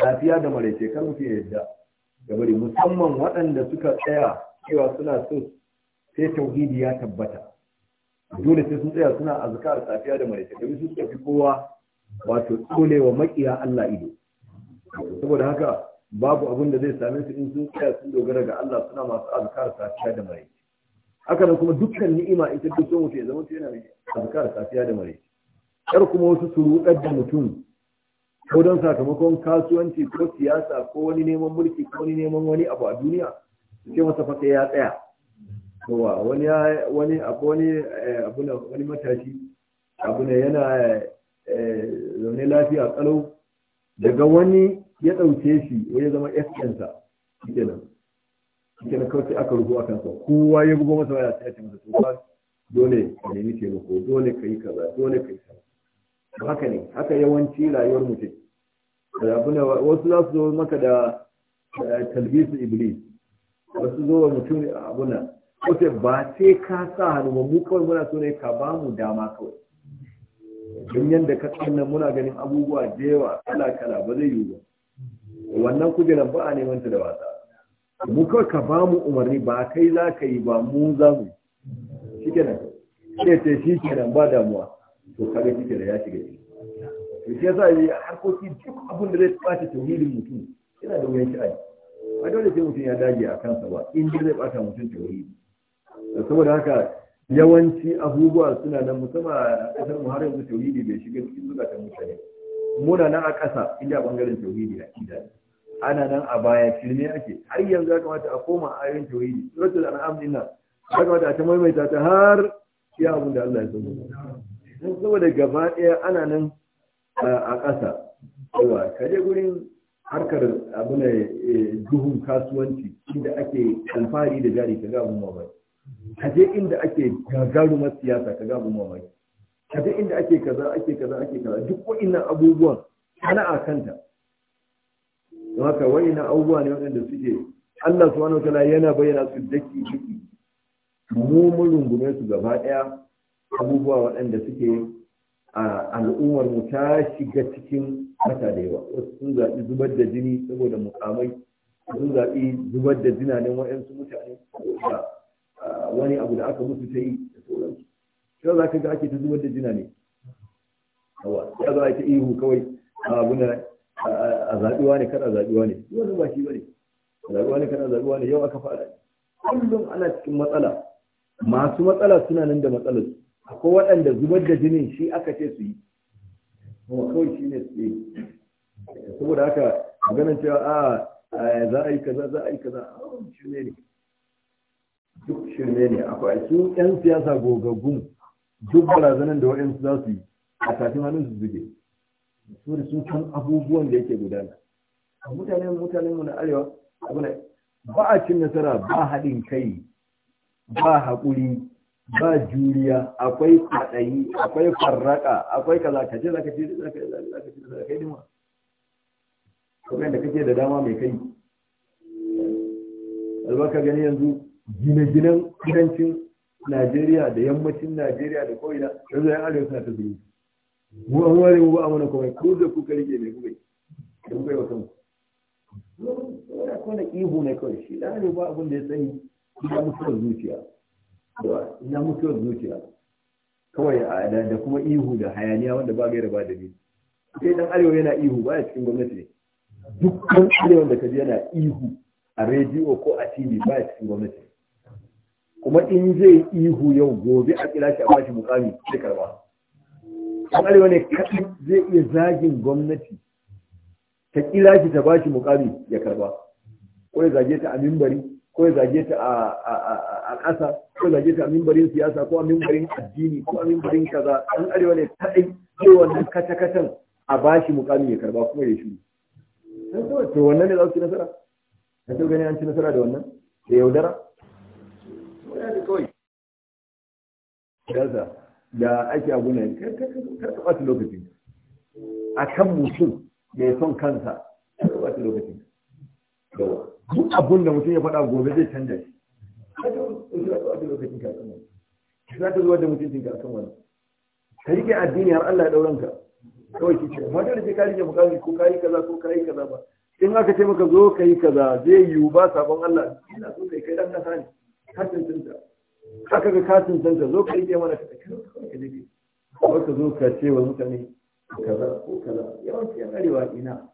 safiya da maraice kan mutum ya yadda da bari musamman waɗanda suka tsaya cewa suna so sai tauhidi ya tabbata dole sai sun tsaya suna da safiya da maraice da su suka kowa wato tsolewa maƙiya Allah ido saboda haka babu abin da zai same su in sun tsaya sun dogara ga Allah suna masu azkar safiya da mare haka nan kuma dukkan ni'ima ita duk so mutum ya zama yana mai azkar safiya da mare kar kuma wasu su rudar da mutum ko don sakamakon kasuwanci ko siyasa ko wani neman mulki ko wani neman wani abu a duniya su ce masa fata ya tsaya kowa wani wani abu wani eh, abu na wani matashi abu ne yana eh, zaune lafiya kalau daga wani ya ɗauke shi ya zama nan kenan na kawai aka rubu a sa kowa ya bugo masa waya sai ya ce masa to fa dole ka nemi taimako dole ka yi kaza dole ka yi kaza haka ne haka yawanci rayuwar mu ce. wasu za su zo maka da talbisu iblis wasu zo mutum abuna wace ba ce ka sa hannu ba mu kawai muna so ne ka ba mu dama kawai don yadda ka tsanna muna ganin abubuwa da yawa kala kala ba zai yiwu ba wannan kujerar ba a neman da wasa mu kawai ka ba mu umarni ba kai za ka yi ba mu za mu shi kenan sai ce shi nan ba damuwa to kaga shi da ya shiga shi to shi yasa yi harkoki duk abin da zai bata tauhidin mutum yana da wuyan sha'ani ba dole sai mutum ya dage a kansa ba in ji zai bata mutum tauhidi saboda haka yawanci abubuwa suna nan musamman a ƙasar mu har yanzu tauhidi bai shiga cikin ta mutane muna nan a ƙasa inda bangaren tauhidi a kida ana nan a baya filme ake har yanzu ya kamata a koma ayoyin tauhidi suratul an'am din nan ya kamata a ta maimaita ta har shi abin da Allah ya san dan saboda gaba daya ana nan a ƙasa yawa kaje gurin harkar abin e, duhun kasuwanci inda ake alfahari da jari kaga abin mamaki kaje inda ake gagaru siyasa kaga abin mamaki kaje inda ake kaza ake kaza ake kaza duk wa'annan abubuwan a kanta don haka na abubuwa ne waɗanda suke Allah wani wata yana bayyana su daki daki mu mun rungume su gaba ɗaya abubuwa waɗanda suke a al'ummar mu ta shiga cikin mata da yawa wasu sun zaɓi zubar da jini saboda mukamai sun zaɓi zubar da jinanen waɗansu mutane saboda wani abu da aka musu ta yi da sauransu sai za ka ga ake ta zubar da jina ne yawa ya yi ta ihu kawai abu na. a zaɓiwa ne kada zaɓiwa ne wannan ba shi ba bane zaɓiwa ne kada zaɓiwa ne yau aka fara kullum ana cikin matsala masu matsala suna nan da matsalar akwai waɗanda zubar da jinin shi aka ce su yi kuma kawai shi ne su yi saboda haka maganin cewa a za a yi kaza za a yi kaza a shirme ne duk shirme ne akwai su yan siyasa gogaggun duk barazanan da waɗansu za su yi a tafin hannun su zuge su da sun san abubuwan da yake gudana mutanen mutanen mu na arewa abu ne ba a cin nasara ba haɗin kai ba haƙuri ba juriya akwai faɗayi akwai farraka akwai kaza za ka ce za ka ce za ka yi dima kuma yadda kake da dama mai kai albarka gani yanzu gine-ginen kudancin najeriya da yammacin najeriya da ko'ina yanzu yan arewa suna ta zuwa mu an ware mu ba amana kuma ko da kuka rike mai kuka kun bai wa kanku yana kona ihu ne kawai shi da ne ba abin da ya sani ina mutuwar zuciya ina mutuwar zuciya kawai da kuma ihu da hayaniya wanda ba gaira ba ni, sai dan arewa yana ihu ba ya cikin gwamnati ne dukkan arewa da kaji yana ihu a rediyo ko a tv ba ya cikin gwamnati kuma in zai ihu yau gobe a kira shi a bashi mukami sai karba ɗan arewa ne kaɗai zai iya zagin gwamnati ta kira shi ta bashi mukami ya karba ko ya zage ta a mimbari ko ya zage ta a ƙasa ko ya zage ta a mimbarin siyasa ko a mimbarin addini ko a mimbarin kaza ɗan arewa ne kaɗai zai wannan kata-katan a bashi mukami ya karba kuma ya shuru to wannan ne za su ci nasara ka ce gani an ci nasara da wannan da yaudara kawai da ake abu ne kar ka ɓata lokacin a kan mutum mai son kansa kar ka ɓata lokacin duk abun da mutum ya faɗa gobe zai canza shi za ta zuwa da mutuncin ka akan wani ka rike addini har Allah ya ɗauran ka kawai ki ce ma dole sai ka rike mukami ko ka yi kaza ko ka yi kaza ba in aka ce maka zo ka yi kaza zai yiwu ba sabon Allah ina so kai kai dan nasa ne har tantanta haka ga katin can ka zo ka yi mana ka ne. Ba ka zo ka ce wa mutane kaza ko kaza yawanci yan arewa ina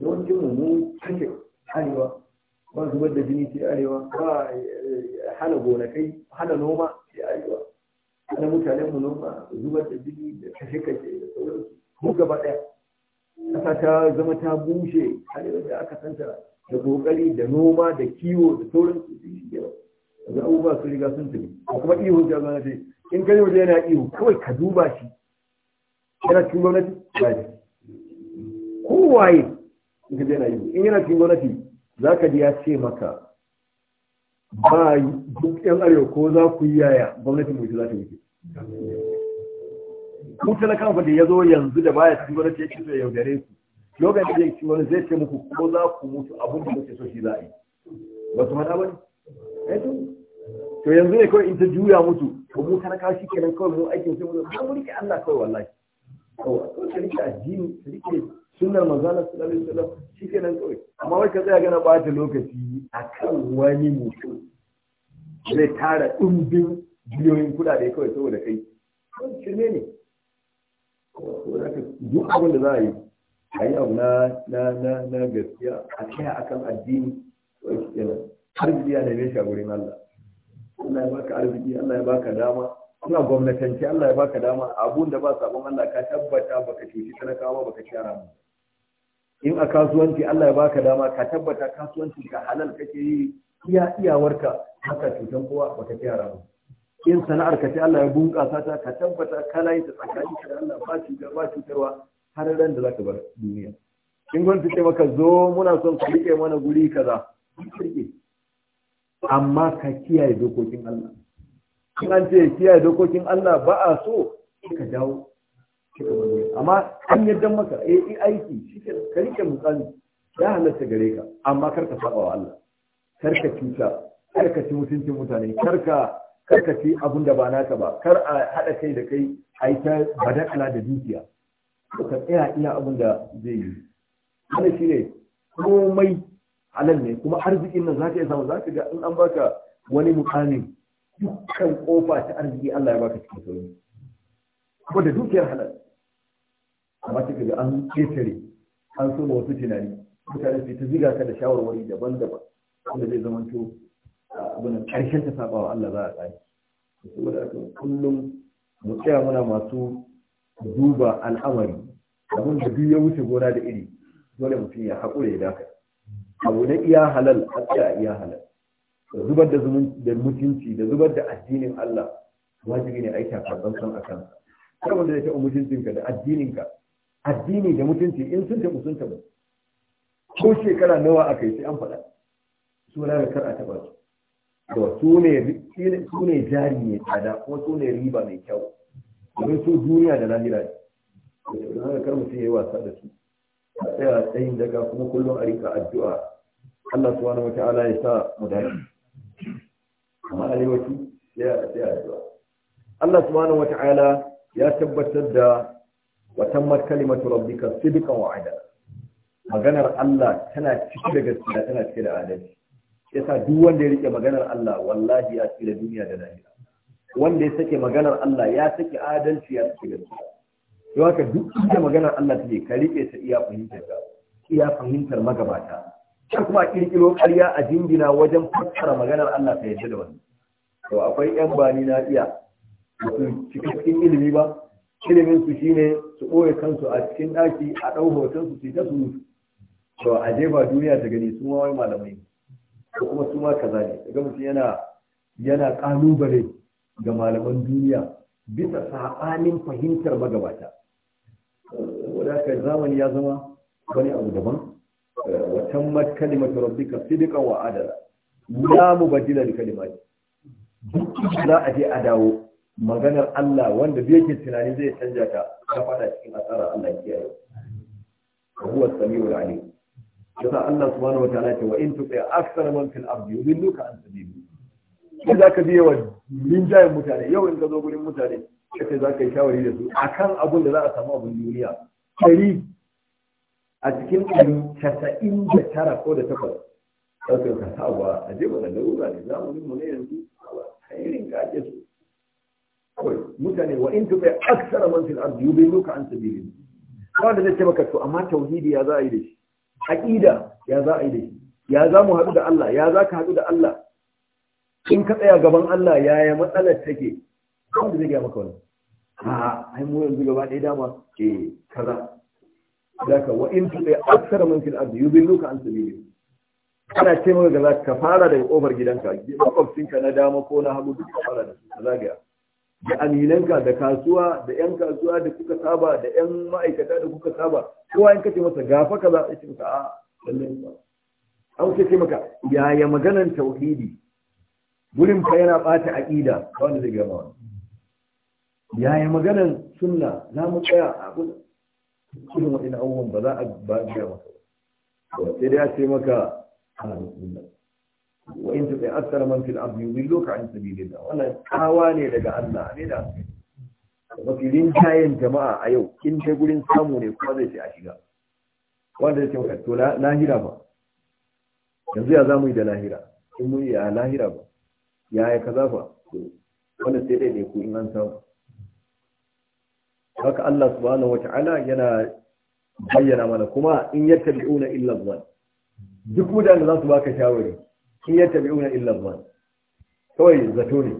Yawancin mu mu cike arewa ba zubar da jini ce arewa ba eh, hana gonakai hana noma ce arewa hana mutanen mu noma zubar da jini da kashe kashe da sauransu mu gaba ɗaya. ƙasa ta zama ta bushe arewa da aka santa da kokari da noma da kiwo da sauransu shi yawa da abubuwa sun riga sun tafi ko kuma ihu ta zama ce in kai waje yana ihu kawai ka duba shi yana cikin gwamnati ba shi waye, in ka yana ihu in yana cikin gwamnati za ka ji ya ce maka ba duk yan arewa ko za ku yi yaya gwamnatin mutu za ta wuce ku na fa da ya zo yanzu da baya cikin gwamnati ya ce yaudare su. lokacin da ya ci wani zai ce muku ko za ku mutu abin da kuke so shi za a yi ba su hada ba ne Eh to yanzu ne kawai in ta juya mutu to mu talaka shi kenan kawai mu aikin sai mu ba rike Allah kawai wallahi kawai kawai ka rike addini ka rike sunnar manzo Allah sallallahu alaihi wasallam shi kenan kawai amma wai ka tsaya gana bata lokaci akan wani mutum zai tara dumbin biliyoyin kudade kawai saboda kai kawai shirme ne duk abin da za a yi a yi abu na gaskiya a kai akan addini kawai shi kenan arziki ya neme shi a gurin Allah Allah ya baka arziki Allah ya baka dama kuna gwamnatance Allah ya baka dama abun da ba sabon Allah ka tabbata baka cuci kawo baka ci haramu in a kasuwanci Allah ya baka dama ka tabbata kasuwanci ka halal kake yi iya iyawarka haka cutan kowa baka ci haramu in sana'ar ka ce Allah ya bunƙasa ta ka tabbata kana yi ta tsakanin ka da Allah ba cutar ba cutarwa har ran da zaka bar duniya in gwamnati ce maka zo muna son ka rike mana guri kaza amma ka kiyaye dokokin Allah in an ce kiyaye dokokin Allah ba a so ka dawo amma an yadda maka eh aiki shi ka rike mutsani ya halatta gare ka amma kar ka saba wa Allah kar ka cuta kar ka ci mutuncin mutane kar ka kar ci abin da ba naka ba kar a haɗa kai da kai a yi ta badakala da dukiya ka tsaya iya abin da zai yi wannan shine komai Alal ne kuma arzikin nan zaka iya samu zaka ga in an baka wani mukamin dukkan kofa ta arziki Allah ya baka cikin sauki Kuma da dukiyar halal amma kika ga an ketare an so wasu tunani mutane su ta ziga ka da shawarwari daban-daban wanda zai zamanto abin karshen ta saba wa Allah za a tsaya saboda haka kullum mu tsaya muna masu duba al'amari abin da duk ya wuce gona da iri dole mutum ya haƙura ya dakata abu na iya halal a iya halal da zubar da da mutunci da zubar da addinin Allah wajibi ne aika a karɓar a kan kar wanda zai taɓa mutuncinka da addininka addini da mutunci in sun taɓa sun taɓa ko shekara nawa aka yi sai an faɗa su na da kar a taɓa su to su ne jari ne tsada kuma su ne riba mai kyau domin su duniya da lahira ne to don haka kar mutum yayi yi wasa da su a tsaya tsayin daga kuma kullum a rika addu'a Allah wata ala ya sa mu dace amma arewaci sai a yi addu'a Allah wata ala ya tabbatar da wa tammat kalimatu rabbika sidqan wa adala maganar Allah tana cike da gaskiya tana cike da adalci yasa duk wanda ya rike maganar Allah wallahi ya da duniya da lahira wanda ya sake maganar Allah ya sake adalci ya sake gaskiya don haka duk inda maganar Allah take ka rike ta iya fahimtar iya fahimtar magabata kuma kirkiro ƙarya a jingina wajen fassara maganar Allah ta yadda da wani to akwai yan bani na iya mutum cikakken ilimi ba ilimin su shi ne su ɓoye kansu a cikin ɗaki a ɗau hoton su ta su to a jefa duniya da gani su ma wai malamai ko kuma su ma kaza ne daga mutum yana yana ƙalubale ga malaman duniya bisa saɓanin fahimtar magabata wadda zamani ya zama wani abu daban wa tammat kalimatu rabbika sidqa wa adala la mubaddila li kalimati za a je a dawo maganar Allah wanda bai yake tunani zai canja ta ta fada cikin asara Allah kiyaye wa huwa samiul alim yasa Allah subhanahu wa ta'ala ce wa in tuqi akthara man fil ardi yudilluka an sabili sai zaka biye wa linjayin mutane yau in ka zo gurin mutane sai zaka yi shawari da su akan abun da za a samu abun duniya kari a cikin ɗari casa'in da tara ko da takwas ɗauke ka sabuwa a je ba da larura ne Za mu ne yanzu a irin ka ake su kawai mutane wa in tuɓe aksara man fil ardi yubai luka an sabili kawai da zai ce maka to amma tauhidi ya za a yi da shi aƙida ya za a yi da shi ya za mu haɗu da Allah ya za ka haɗu da Allah in ka tsaya gaban Allah ya yaya matsalar take kawai da zai gaya maka wani a ai mu yanzu gaba ɗaya dama ke eh, kaza zaka wa in tuɗe aksar man fil ardi ka an sabili ana ce maka ga ka fara daga kofar gidanka ka na dama ko na hagu duk fara da su zagaya da aminanka da kasuwa da yan kasuwa da kuka saba da yan ma'aikata da kuka saba kowa in kace masa gafa kaza a ce ka a lallai ba an ce ce maka yaya maganan tauhidi gurin fa yana bata aqida wanda zai gama yaya maganan sunna za mu tsaya abun irin wa'in abubuwan ba za a ba biya masa ba sai dai ya ce maka ana bismillah wa in tuti akthar man fil ardi yudilluka an da wannan kawa ne daga Allah ne da mafi tayin jama'a a yau kin dai gurin samu ne kuma zai ce a shiga wanda ya ce maka to lahira ba yanzu ya zamu yi da lahira in mun yi a lahira ba yaya kaza ba wanda sai dai ne ko in an samu haka Allah subhanahu wata'ala yana bayyana mana kuma in yattabi'una illa dhann duk mutane za su baka shawari in yattabi'una illa dhann kawai zato ne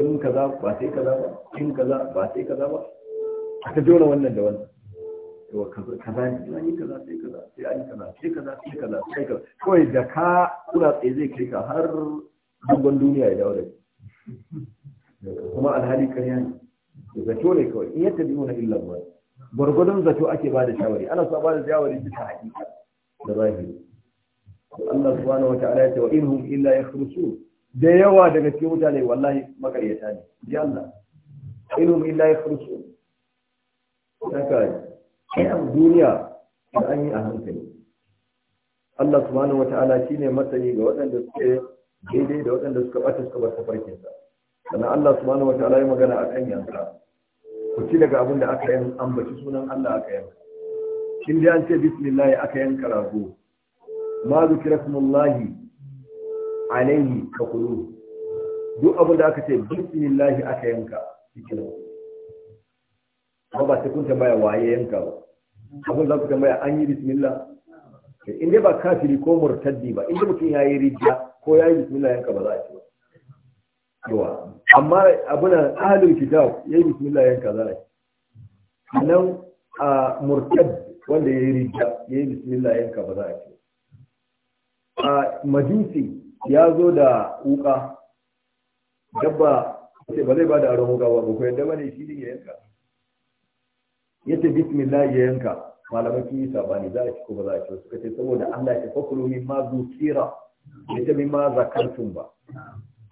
in kaza ba sai kaza ba in kaza ba sai kaza ba a ta jona wannan da wannan to kaza ne an yi kaza sai kaza sai an yi kaza sai kaza sai kaza sai kaza kawai da ka kuna tsaye zai kai ka har dogon duniya ya dawo da kuma alhali kariya ne zato ne kawai in yadda biyu na illan ba gwargwadon zato ake ba da shawari ana so ba da shawari bisa haƙiƙa da zahiri Allah subhanahu wata'ala ya ce wa inhum illa yakhrusun da yawa daga cikin mutane wallahi makaryata ne ji Allah inhum illa yakhrusun saka kiran duniya da an yi a hankali Allah subhanahu wata'ala shine masani ga waɗanda suke daidai da waɗanda suka bata suka bar sa. sannan Allah subhanahu wa ta'ala ya magana kan yanka ku ci daga abin da aka yi ambaci sunan Allah aka yanka kin da an ce bismillah aka yanka rago ma zikirasmullahi alaihi ka kulu duk abin da aka ce bismillah aka yanka cikin ba ba sai kun tambaya waye yanka ba abin za ku tambaya an yi bismillah eh, in dai ba kafiri ko murtaddi ba in dai mutum ya yi rijiya ko ya yi bismillah yanka ba za a ci ba yawa amma abuna ahlul kitab yi bismillah yan kaza nan a murtad wanda yayi rijja yayi bismillah yan kaza ake a majusi ya zo da wuka dabba ce ba zai ba da aron wuka ba ba ku yadda bane shi ne ya yanka yace bismillah ya yanka malamai sun yi sabani za a ci ko ba za a ci suka ce saboda Allah ya fakulu min ma zukira ita min ma zakartum ba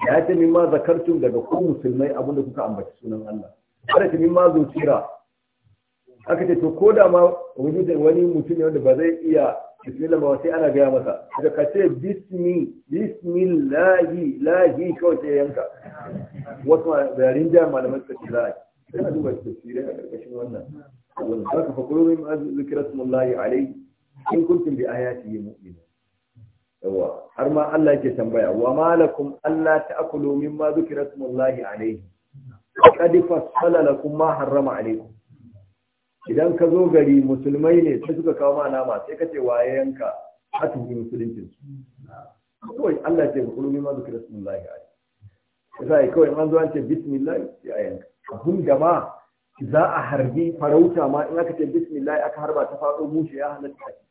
ya ce min ma zakartum daga ku musulmai abinda kuka ambaci sunan Allah kada ki min ma zuciya aka ce to koda ma wani mutum ne wanda ba zai iya bismillah ba sai ana gaya masa da ka ce bismi bismillahi lahi kawai sai yanka wasu yarin da malaman suka ce lahi sai a duba tafsirin a ƙarƙashin wannan wannan za ka kullu min ma zikirasmullahi alai in kuntum bi ayati mu'minin yawa har ma Allah yake tambaya wa malakum alla ta'kulu mimma zikra smullahi alayhi qad fa lakum ma harrama alaykum idan ka zo gari musulmai ne sai suka kawo ma nama sai ka ce waye yanka hatu bi musulunci kawai Allah ce ku kulumi ma zikra smullahi alayhi sai kawai manzo zo an ce bismillah sai ayanka, kun abun za a harbi farauta ma in aka ce bismillah aka harba ta faɗo mushi ya halatta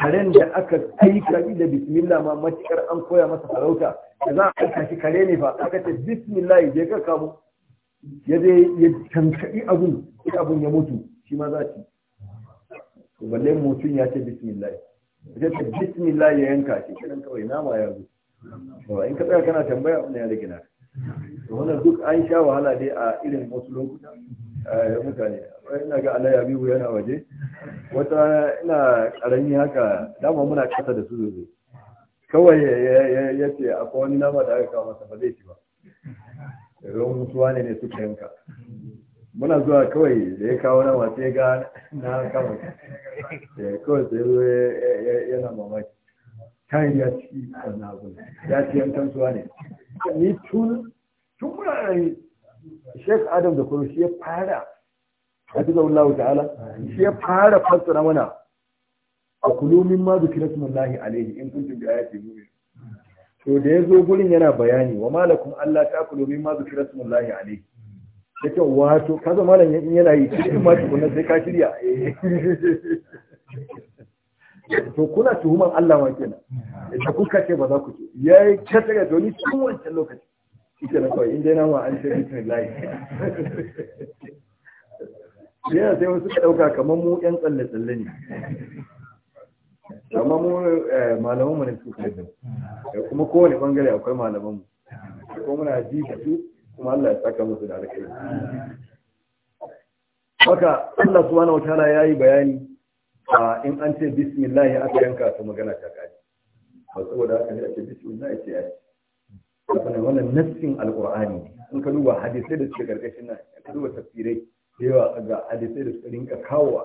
karen da aka aika da bismillah ma matukar an koya masa farauta da za a aika shi kare ne fa aka ce bismillah je ka kamo ya je ya tankaɗi abun ya abun ya mutu shi ma za ci to balle mutum ya ce bismillah ya ce bismillah ya yanka shi kiran kawai nama ya zo in ka tsaya kana tambaya wannan ya rage na wannan duk an sha wahala dai a irin wasu lokuta ya eh, mutane ina ga Allah ya biyu yana waje wata ina karami haka dama muna kasa da su zozo kawai ya ce akwai wani nama da aka kawo masa ba zai ci ba ruwan mutuwa ne ne suka yanka muna zuwa kawai da ya kawo nama sai ga na kama eh, kawai sai zo yana mamaki kayan ya ci wannan abin ya ci yankan suwa ne ni tun tun muna Sheikh Adam da kuma shi ya fara a cikin Allah ta'ala shi ya fara fassara mana a kulumin ma zikira lahi alaihi in kuntum bi ayati mu'min to da yazo gurin yana bayani wa malakum Allah ta kulumin ma zikira sunallahi alaihi yake wato kaza malam yin yana yi cikin ma tukunna sai ka shirya to kuna tuhuman Allah ma kenan da kuka ce ba za ku ce yayi kace ga doni tun wancan lokaci ita na kawai inda nama an ce bismillah yana sai wasu ka ɗauka kamar mu yan tsalle-tsalle ne kamar mu eh, malaman mu ne su da kuma kowane bangare akwai malaman mu ko muna ji da su kuma Allah ya saka musu da alkai haka Allah subhanahu wataala yi bayani a in an ce bismillah aka yanka ta magana ta kai saboda haka ne ake bismillah ce wannan wannan nassin alqur'ani in ka duba hadisai da suke karkashin nan ka duba tafsirai da yawa ga hadisai da suka rinka kawowa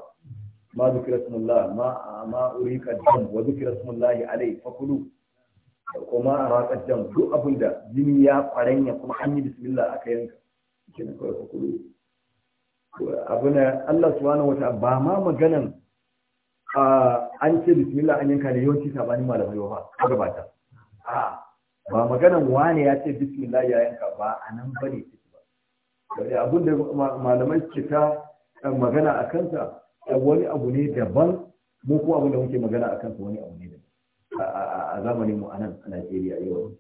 ma zikira smullah ma ma urika dam wa zikira smullah alai fakulu kuma a raƙa dam duk abin da jini ya kwaranya kuma an yi bismillah aka yanka kenan kawai fakulu abu na Allah subhanahu wata ba ma maganan ah, an ce bismillah an yanka ne yawanci sabanin malamai ba a gabata ba maganan wane ya ce bismillah ya yanka ba a nan ba ne ba abin da malamai suke ta eh, magana a kanta eh, wani abu ne daban mu kuma abin da muke magana a kanta wani abu ne daban a zamanin mu a nan a Najeriya yau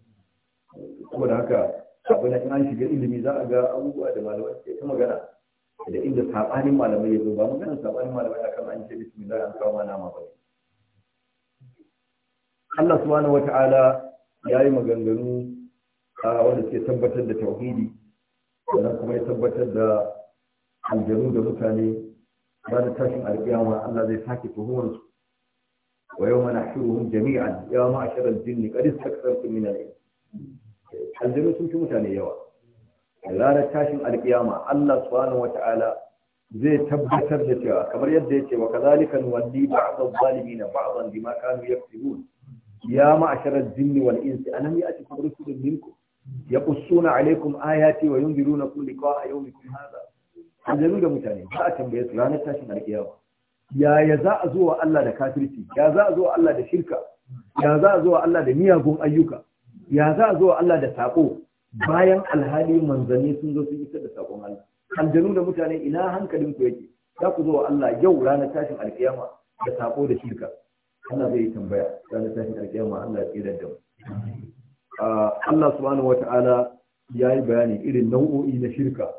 saboda haka abu na an shiga ilimi za a ga abubuwa da malamai suke ta magana da inda sabanin malamai ya zo ba maganar sabanin malamai akan an ce bismillah an kawo ma nama ba Allah subhanahu ta'ala ya yi maganganu a wanda ke tabbatar da tauhidi sannan kuma ya tabbatar da aljanu da mutane ba da tashin alƙiyama Allah zai sake tuhumar su wa yau mana shuruhun jami'an ya ma a shirar jinni ƙaris ta ƙasar su mina ne aljanu sun fi mutane yawa ranar tashin alƙiyama Allah subhanahu wa ta'ala zai tabbatar da cewa kamar yadda ya ce wa kazalika nuwalli ba'dha zalimin ba'dhan bima kanu yaktubun ya ma'asharar jinni wal insi alam ya'tikum rusulun minkum yaqussuna alaykum ayati wa yunzirunakum liqa'a yawmikum hadha ajaru da mutane ba a tambaye su ranar tashin alkiyama ya ya za a zuwa Allah da kafirci ya za a zuwa Allah da shirka ya za a zuwa Allah da miyagun ayyuka ya za a zuwa Allah da sako bayan alhali manzani sun zo sun isar da sakon Allah aljanu da mutane ina hankalin ku yake za ku zo Allah yau ranar tashin alkiyama da sako da shirka Ana zai yi tambaya ranar tashin alƙiyama Allah ya tsira da mu Allah subhanahu wata'ala ya yi bayani irin nau'o'i na shirka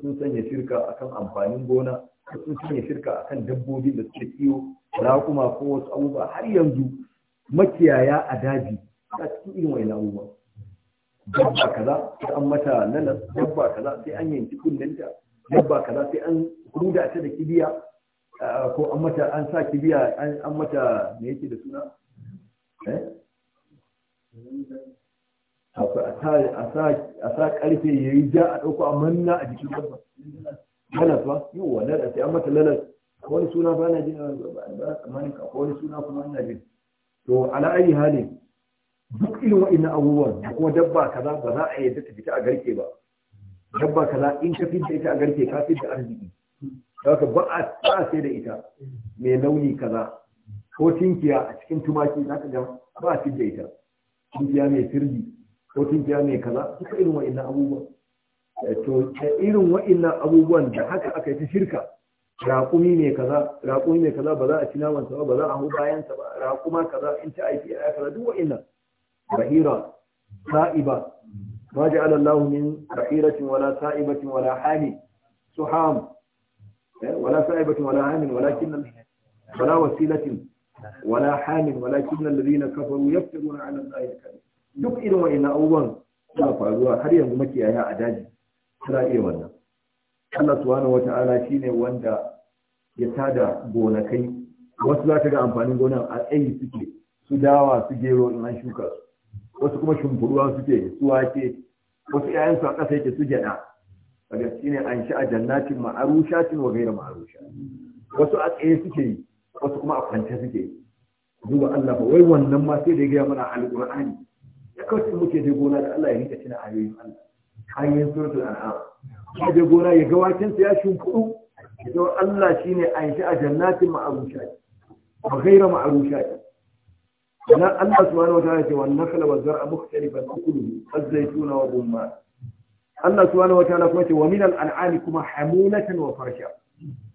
sun sanya shirka akan amfanin gona sun sanya shirka akan dabbobi da suke da kuma ko wasu abubuwa har yanzu makiyaya a daji a cikin irin wa'in abubuwa dabba kaza sai an mata nanas, dabba kaza sai an yanki kunnenta dabba kaza sai an huda ta da kibiya Ah, ko an mata an sa kibiya an mata me yake da suna eh? a sa karfe ya yi ja a ɗauko a manna a jikin ƙarfa lalas ba yi wa lalas an mata lalas wani suna ba na jin ba tsammanin ka wani suna kuma ina jin to ala ayi halin duk irin wa'annan abubuwan da kuma dabba kaza ba za a yadda ta fita a garke ba dabba kaza in ka fita ita a garke ka fidda arziki haka ba a sai da ita mai nauyi kaza ko tinkiya a cikin tumaki zaka ga ba a da ita tinkiya mai sirri ko tinkiya mai kaza duka irin wa'annan abubuwan eh, to irin wa'annan abubuwan da haka aka yi ta shirka raƙumi mai kaza raƙumi ne kaza ba za a ci naman ba ba za a hau bayan sa ba raƙuma kaza in ta aiki ya kaza duk wa'annan bahira sa'iba ma ja'ala Allahu min ba'iratin wala sa'ibatin wala hami suham ولا سائبة ولا عام ولكن ولا وسيلة ولا حام ولكن الذين كفروا يفترون على الله الكذب duk irin wa'annan abubuwan suna faruwa har yanzu makiyaya a daji suna iya wannan Allah subhanahu wata'ala shine wanda ya tada gonakai wasu za ta ga amfanin gonan a tsayi suke su dawa su gero in an shuka su wasu kuma shumfuruwa suke su wake wasu 'ya'yansu a ƙasa yake su gyaɗa daga shine an shi a jannatin ma'arushatin wa ghayra ma'arusha wasu a tsaye suke yi wasu kuma a kwance suke yi duba Allah ba wai wannan ma sai da ya gaya mana alqur'ani da kawai muke da gona da Allah ya rinka tuna ayoyin Allah ayoyin suratul an'am ya je gona ya ga wakin sa ya shimfudu ya Allah shine an shi a jannatin ma'arushatin wa ghayra ma'arushatin لا الله سبحانه وتعالى والنخل والزرع مختلفا أكله والزيتون والرمان Allah subhanahu wataala kuma ce wa min al-an'ami kuma hamulatan wa farsha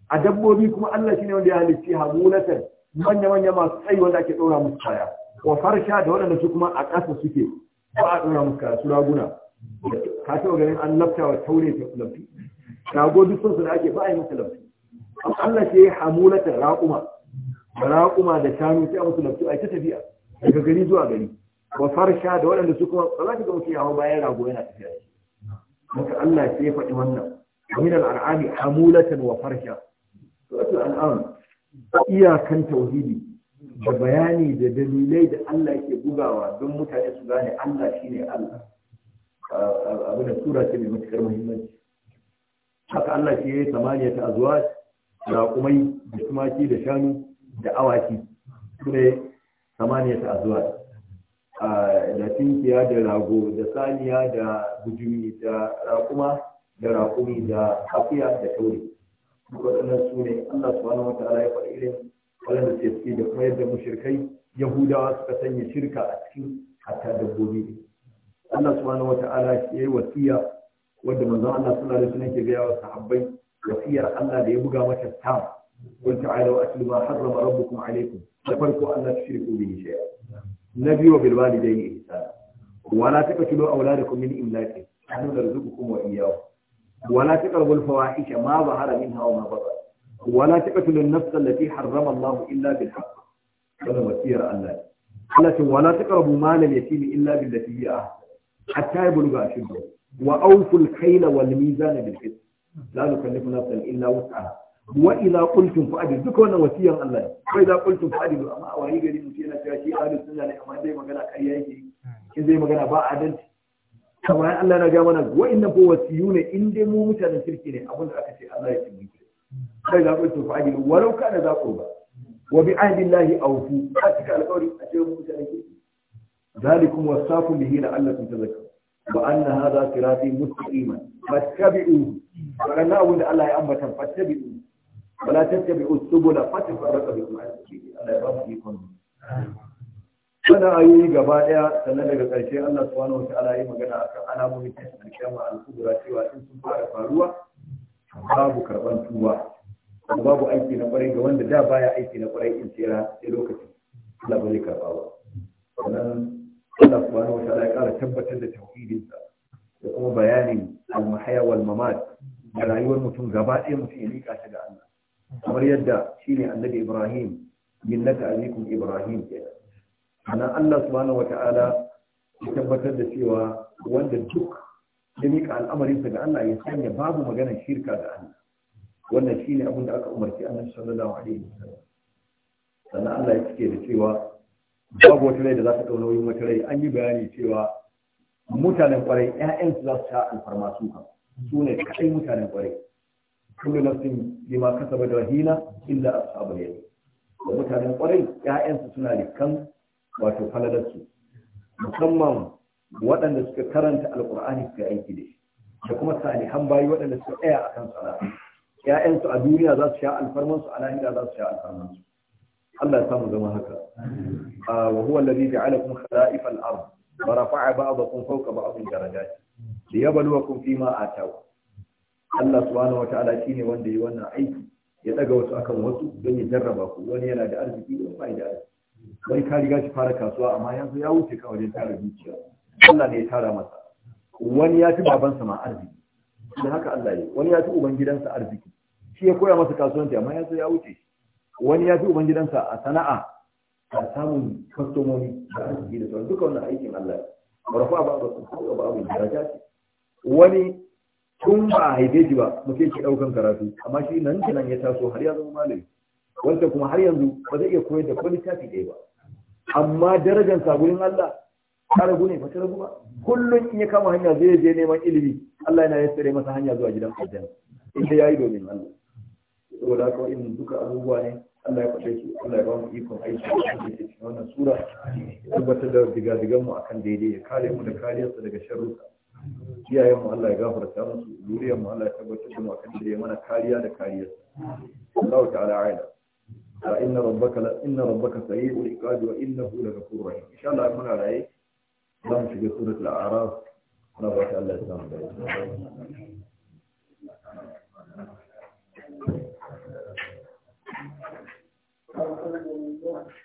a dabbobi kuma Allah shine wanda ya halicci hamulatan manya manya masu tsayi wanda ake dora musu kaya wa farsha da waɗanda su kuma a ƙasa suke ba a dora musu kaya su raguna ka wa ganin an lafta wa taure ta lafi rago duk sun da ake ba a yi musu lafi Allah ce hamulatan raƙuma raƙuma da shanu sai a musu lafi a ta tafiya daga gari zuwa gari wa farsha da waɗanda su kuma ba za ka ga mutum ya hau bayan rago yana tafiya shi haka Allah sai ya faɗi wannan min al'ami hamulatan wa farsha iyakan tauhidi da bayani da dalilai da Allah yake bugawa don mutane su gane Allah shine Allah abu da sura ce mai matukar muhimmanci haka Allah shi ya yi samaniya ta azuwa kumai da tumaki da shanu da awaki su ne samaniya ta azuwa da tinkiya da rago da saniya da bujumi da raƙuma da raƙumi da afiya da tauri waɗannan su ne Allah subhanahu wataala ya faɗi irin waɗanda suke ciki da kuma yadda mushrikai yahudawa suka sanya shirka a cikin hatta dabbobi Allah subhanahu wataala ya yi wasiya wanda manzon Allah sallallahu alaihi wasallam ke gaya wa sahabbai wasiyar Allah da ya buga mata ta قل تعالوا أتل ما حرم ربكم عليكم لفرقوا أن لا تشركوا به شيئا na biyu wa bilwali dai ne isa wa la taqtulu awladakum min imlaqin nahnu narzuqukum wa iyyahum wa la taqrabul fawahisha ma zahara minha wa ma batha wa la taqtulu an-nafsa allati harrama Allah illa bil haqq kana wasiyar Allah allati wa la taqrabu mal al-yatim illa bil lati hiya ahsan hatta yabluga ashuddah wa awfu al-kayla wal mizana bil qist la nukallifu nafsan illa wus'aha wa idza qultum fa adu duka wannan wasiyan Allah ne wa idza qultum fa adu amma a wayi gari mutum yana cewa shi ahlus sunna ne amma dai magana ƙarya yake in zai magana ba adalci kamar Allah na ga mana wa'annan ko wasiyu ne in dai mu mutanen kirki ne abin aka ce Allah ya tsibi kai da ku fa ajili walau kana za ku ba wa bi ahdillahi awfu a cika alƙawari a ce mu mutanen kirki zalikum wasaqu bihi la'allakum tadhakkarun wa anna hadha sirati mustaqiman fattabi'uhu wannan abin da Allah ya ambata fattabi'uhu ولا تتبعوا السبل فتفرق بكم عن سبيله الله يبارك فيكم wannan ayoyi gaba daya sannan daga ƙarshe Allah subhanahu ta'ala ya magana akan alamomin tashin alkiyama al-kubra cewa in sun fara faruwa babu karban tuba babu aiki na kwarai ga wanda da baya aiki na kwarai in tsira sai lokacin Allah ba zai karba ba sannan Allah subhanahu ta'ala ya ƙara tabbatar da tauhidinsa da kuma bayanin al-mahaya wal mamat da rayuwar mutum gaba ɗaya mutum ya miƙa ta ga Allah kamar yadda shi ne annabi Ibrahim millata abikum Ibrahim kenan sannan Allah subhanahu wata'ala ya tabbatar da cewa wanda duk ya mika al'amarinsa ga Allah ya sanya babu magana shirka ga Allah wannan ne abin da aka umarci annabi sallallahu alaihi sallam sannan Allah ya cike da cewa babu wata rai da za ta ɗau nauyin wata rai an yi bayani cewa mutanen kwarai 'ya'yansu za su sha alfarma su kan su kaɗai mutanen kwarai kullu nafsin bima da rahina illa ashabul yamin da mutanen kwarai ƴaƴansu suna likan wato su. musamman waɗanda suka karanta alqur'ani suka aiki da shi da kuma salihan bayi waɗanda suka tsaya akan sana'a ƴaƴansu a duniya za su sha alfarmansu a lahira za su sha alfarmansu Allah ya samu zama haka ah, wa huwa alladhi ja'alakum khala'ifa al-ard wa rafa'a ba'dakum fawqa ba'din darajat liyabluwakum fima ataakum Allah subhanahu wataala shine wanda ya wannan aiki ya daga wasu akan wasu don ya jarraba ku wani yana da arziki don fa'ida da wani ka riga shi fara kasuwa amma yanzu ya wuce ka wajen tara zuciya Allah ne ya tara masa wani ya fi babansa ma arziki don haka Allah ne wani ya fi uban gidansa arziki shi ya koya masa kasuwanci amma yanzu ya wuce wani ya fi uban gidansa a sana'a a samun kastomomi da arziki da sauran duka wannan aikin Allah ne ba ba ba ba ba ba ba ba tun ba a haife shi ba mutum ke ɗaukan karatu amma shi nan da nan ya taso har ya zama malami wanda kuma har yanzu ba zai iya koyar da ko littafi ɗaya ba amma darajar sabulin Allah ta ragu ne ba ta ragu ba kullum in ya kama hanya zai je neman ilimi Allah yana yassare masa hanya zuwa gidan aljanna inda yayi domin Allah saboda haka wa'in duka abubuwa ne Allah ya faɗe su Allah ya ba mu ikon aiki da cikin wannan sura ya tabbatar da diga-digan mu akan daidai ya kare mu da kariyarsa daga sharruka iyayen mu Allah ya gafarta musu zuriyar mu Allah ya tabbatar da mu da ya mana kariya da kariya Allahu ta'ala aina fa inna rabbaka la inna rabbaka sari'ul iqad wa innahu ghafurur rahim insha Allah muna raye za mu shiga al a'raf Allah ba ta Allah ya samu da Thank you.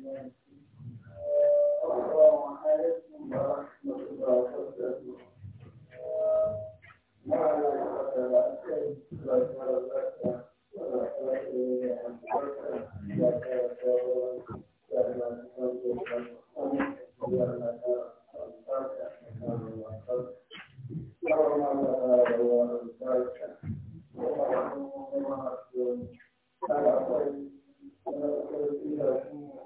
karatu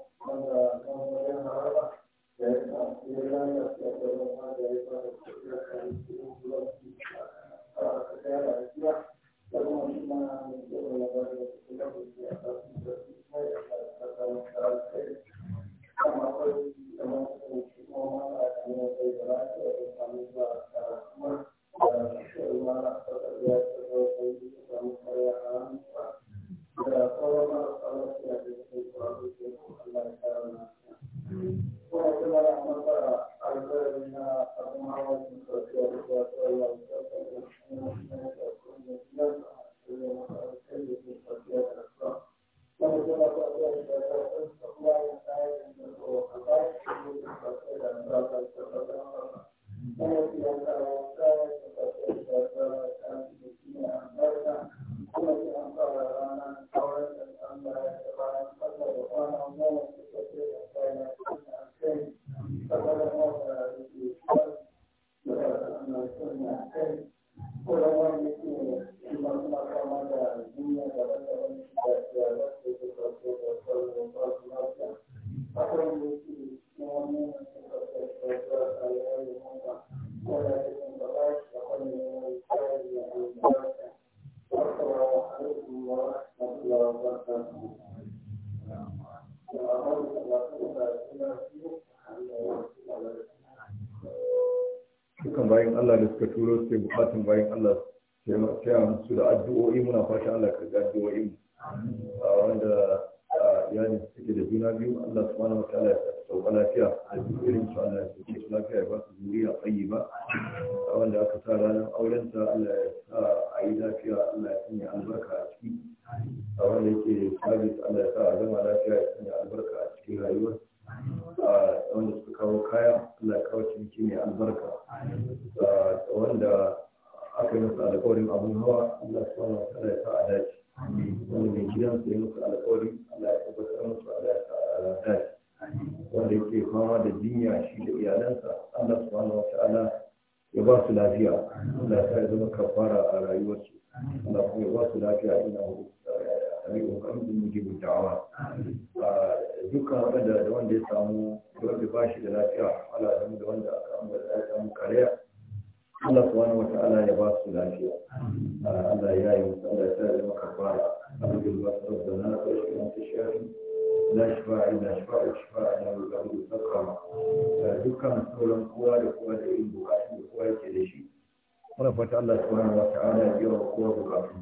suka turo suke bukatun bayan Allah taya musu da addu'o'i muna fata Allah ka ga addu'o'i wanda yani suke da juna biyu Allah su mana ta'ala ya sauka lafiya a jikin su Allah ya sauke su lafiya ya ba su zuriya tsayi ba wanda aka sa ranar auren ta Allah ya sa a yi lafiya Allah ya sanya albarka a ciki a wanda yake sabis Allah ya sa a zama lafiya ya kafara a rayuwarsu Allah kuma ba su lafiya ina mai eh, kokarin da muke da'awa ah, duka da wanda ya samu abubuwa bukatu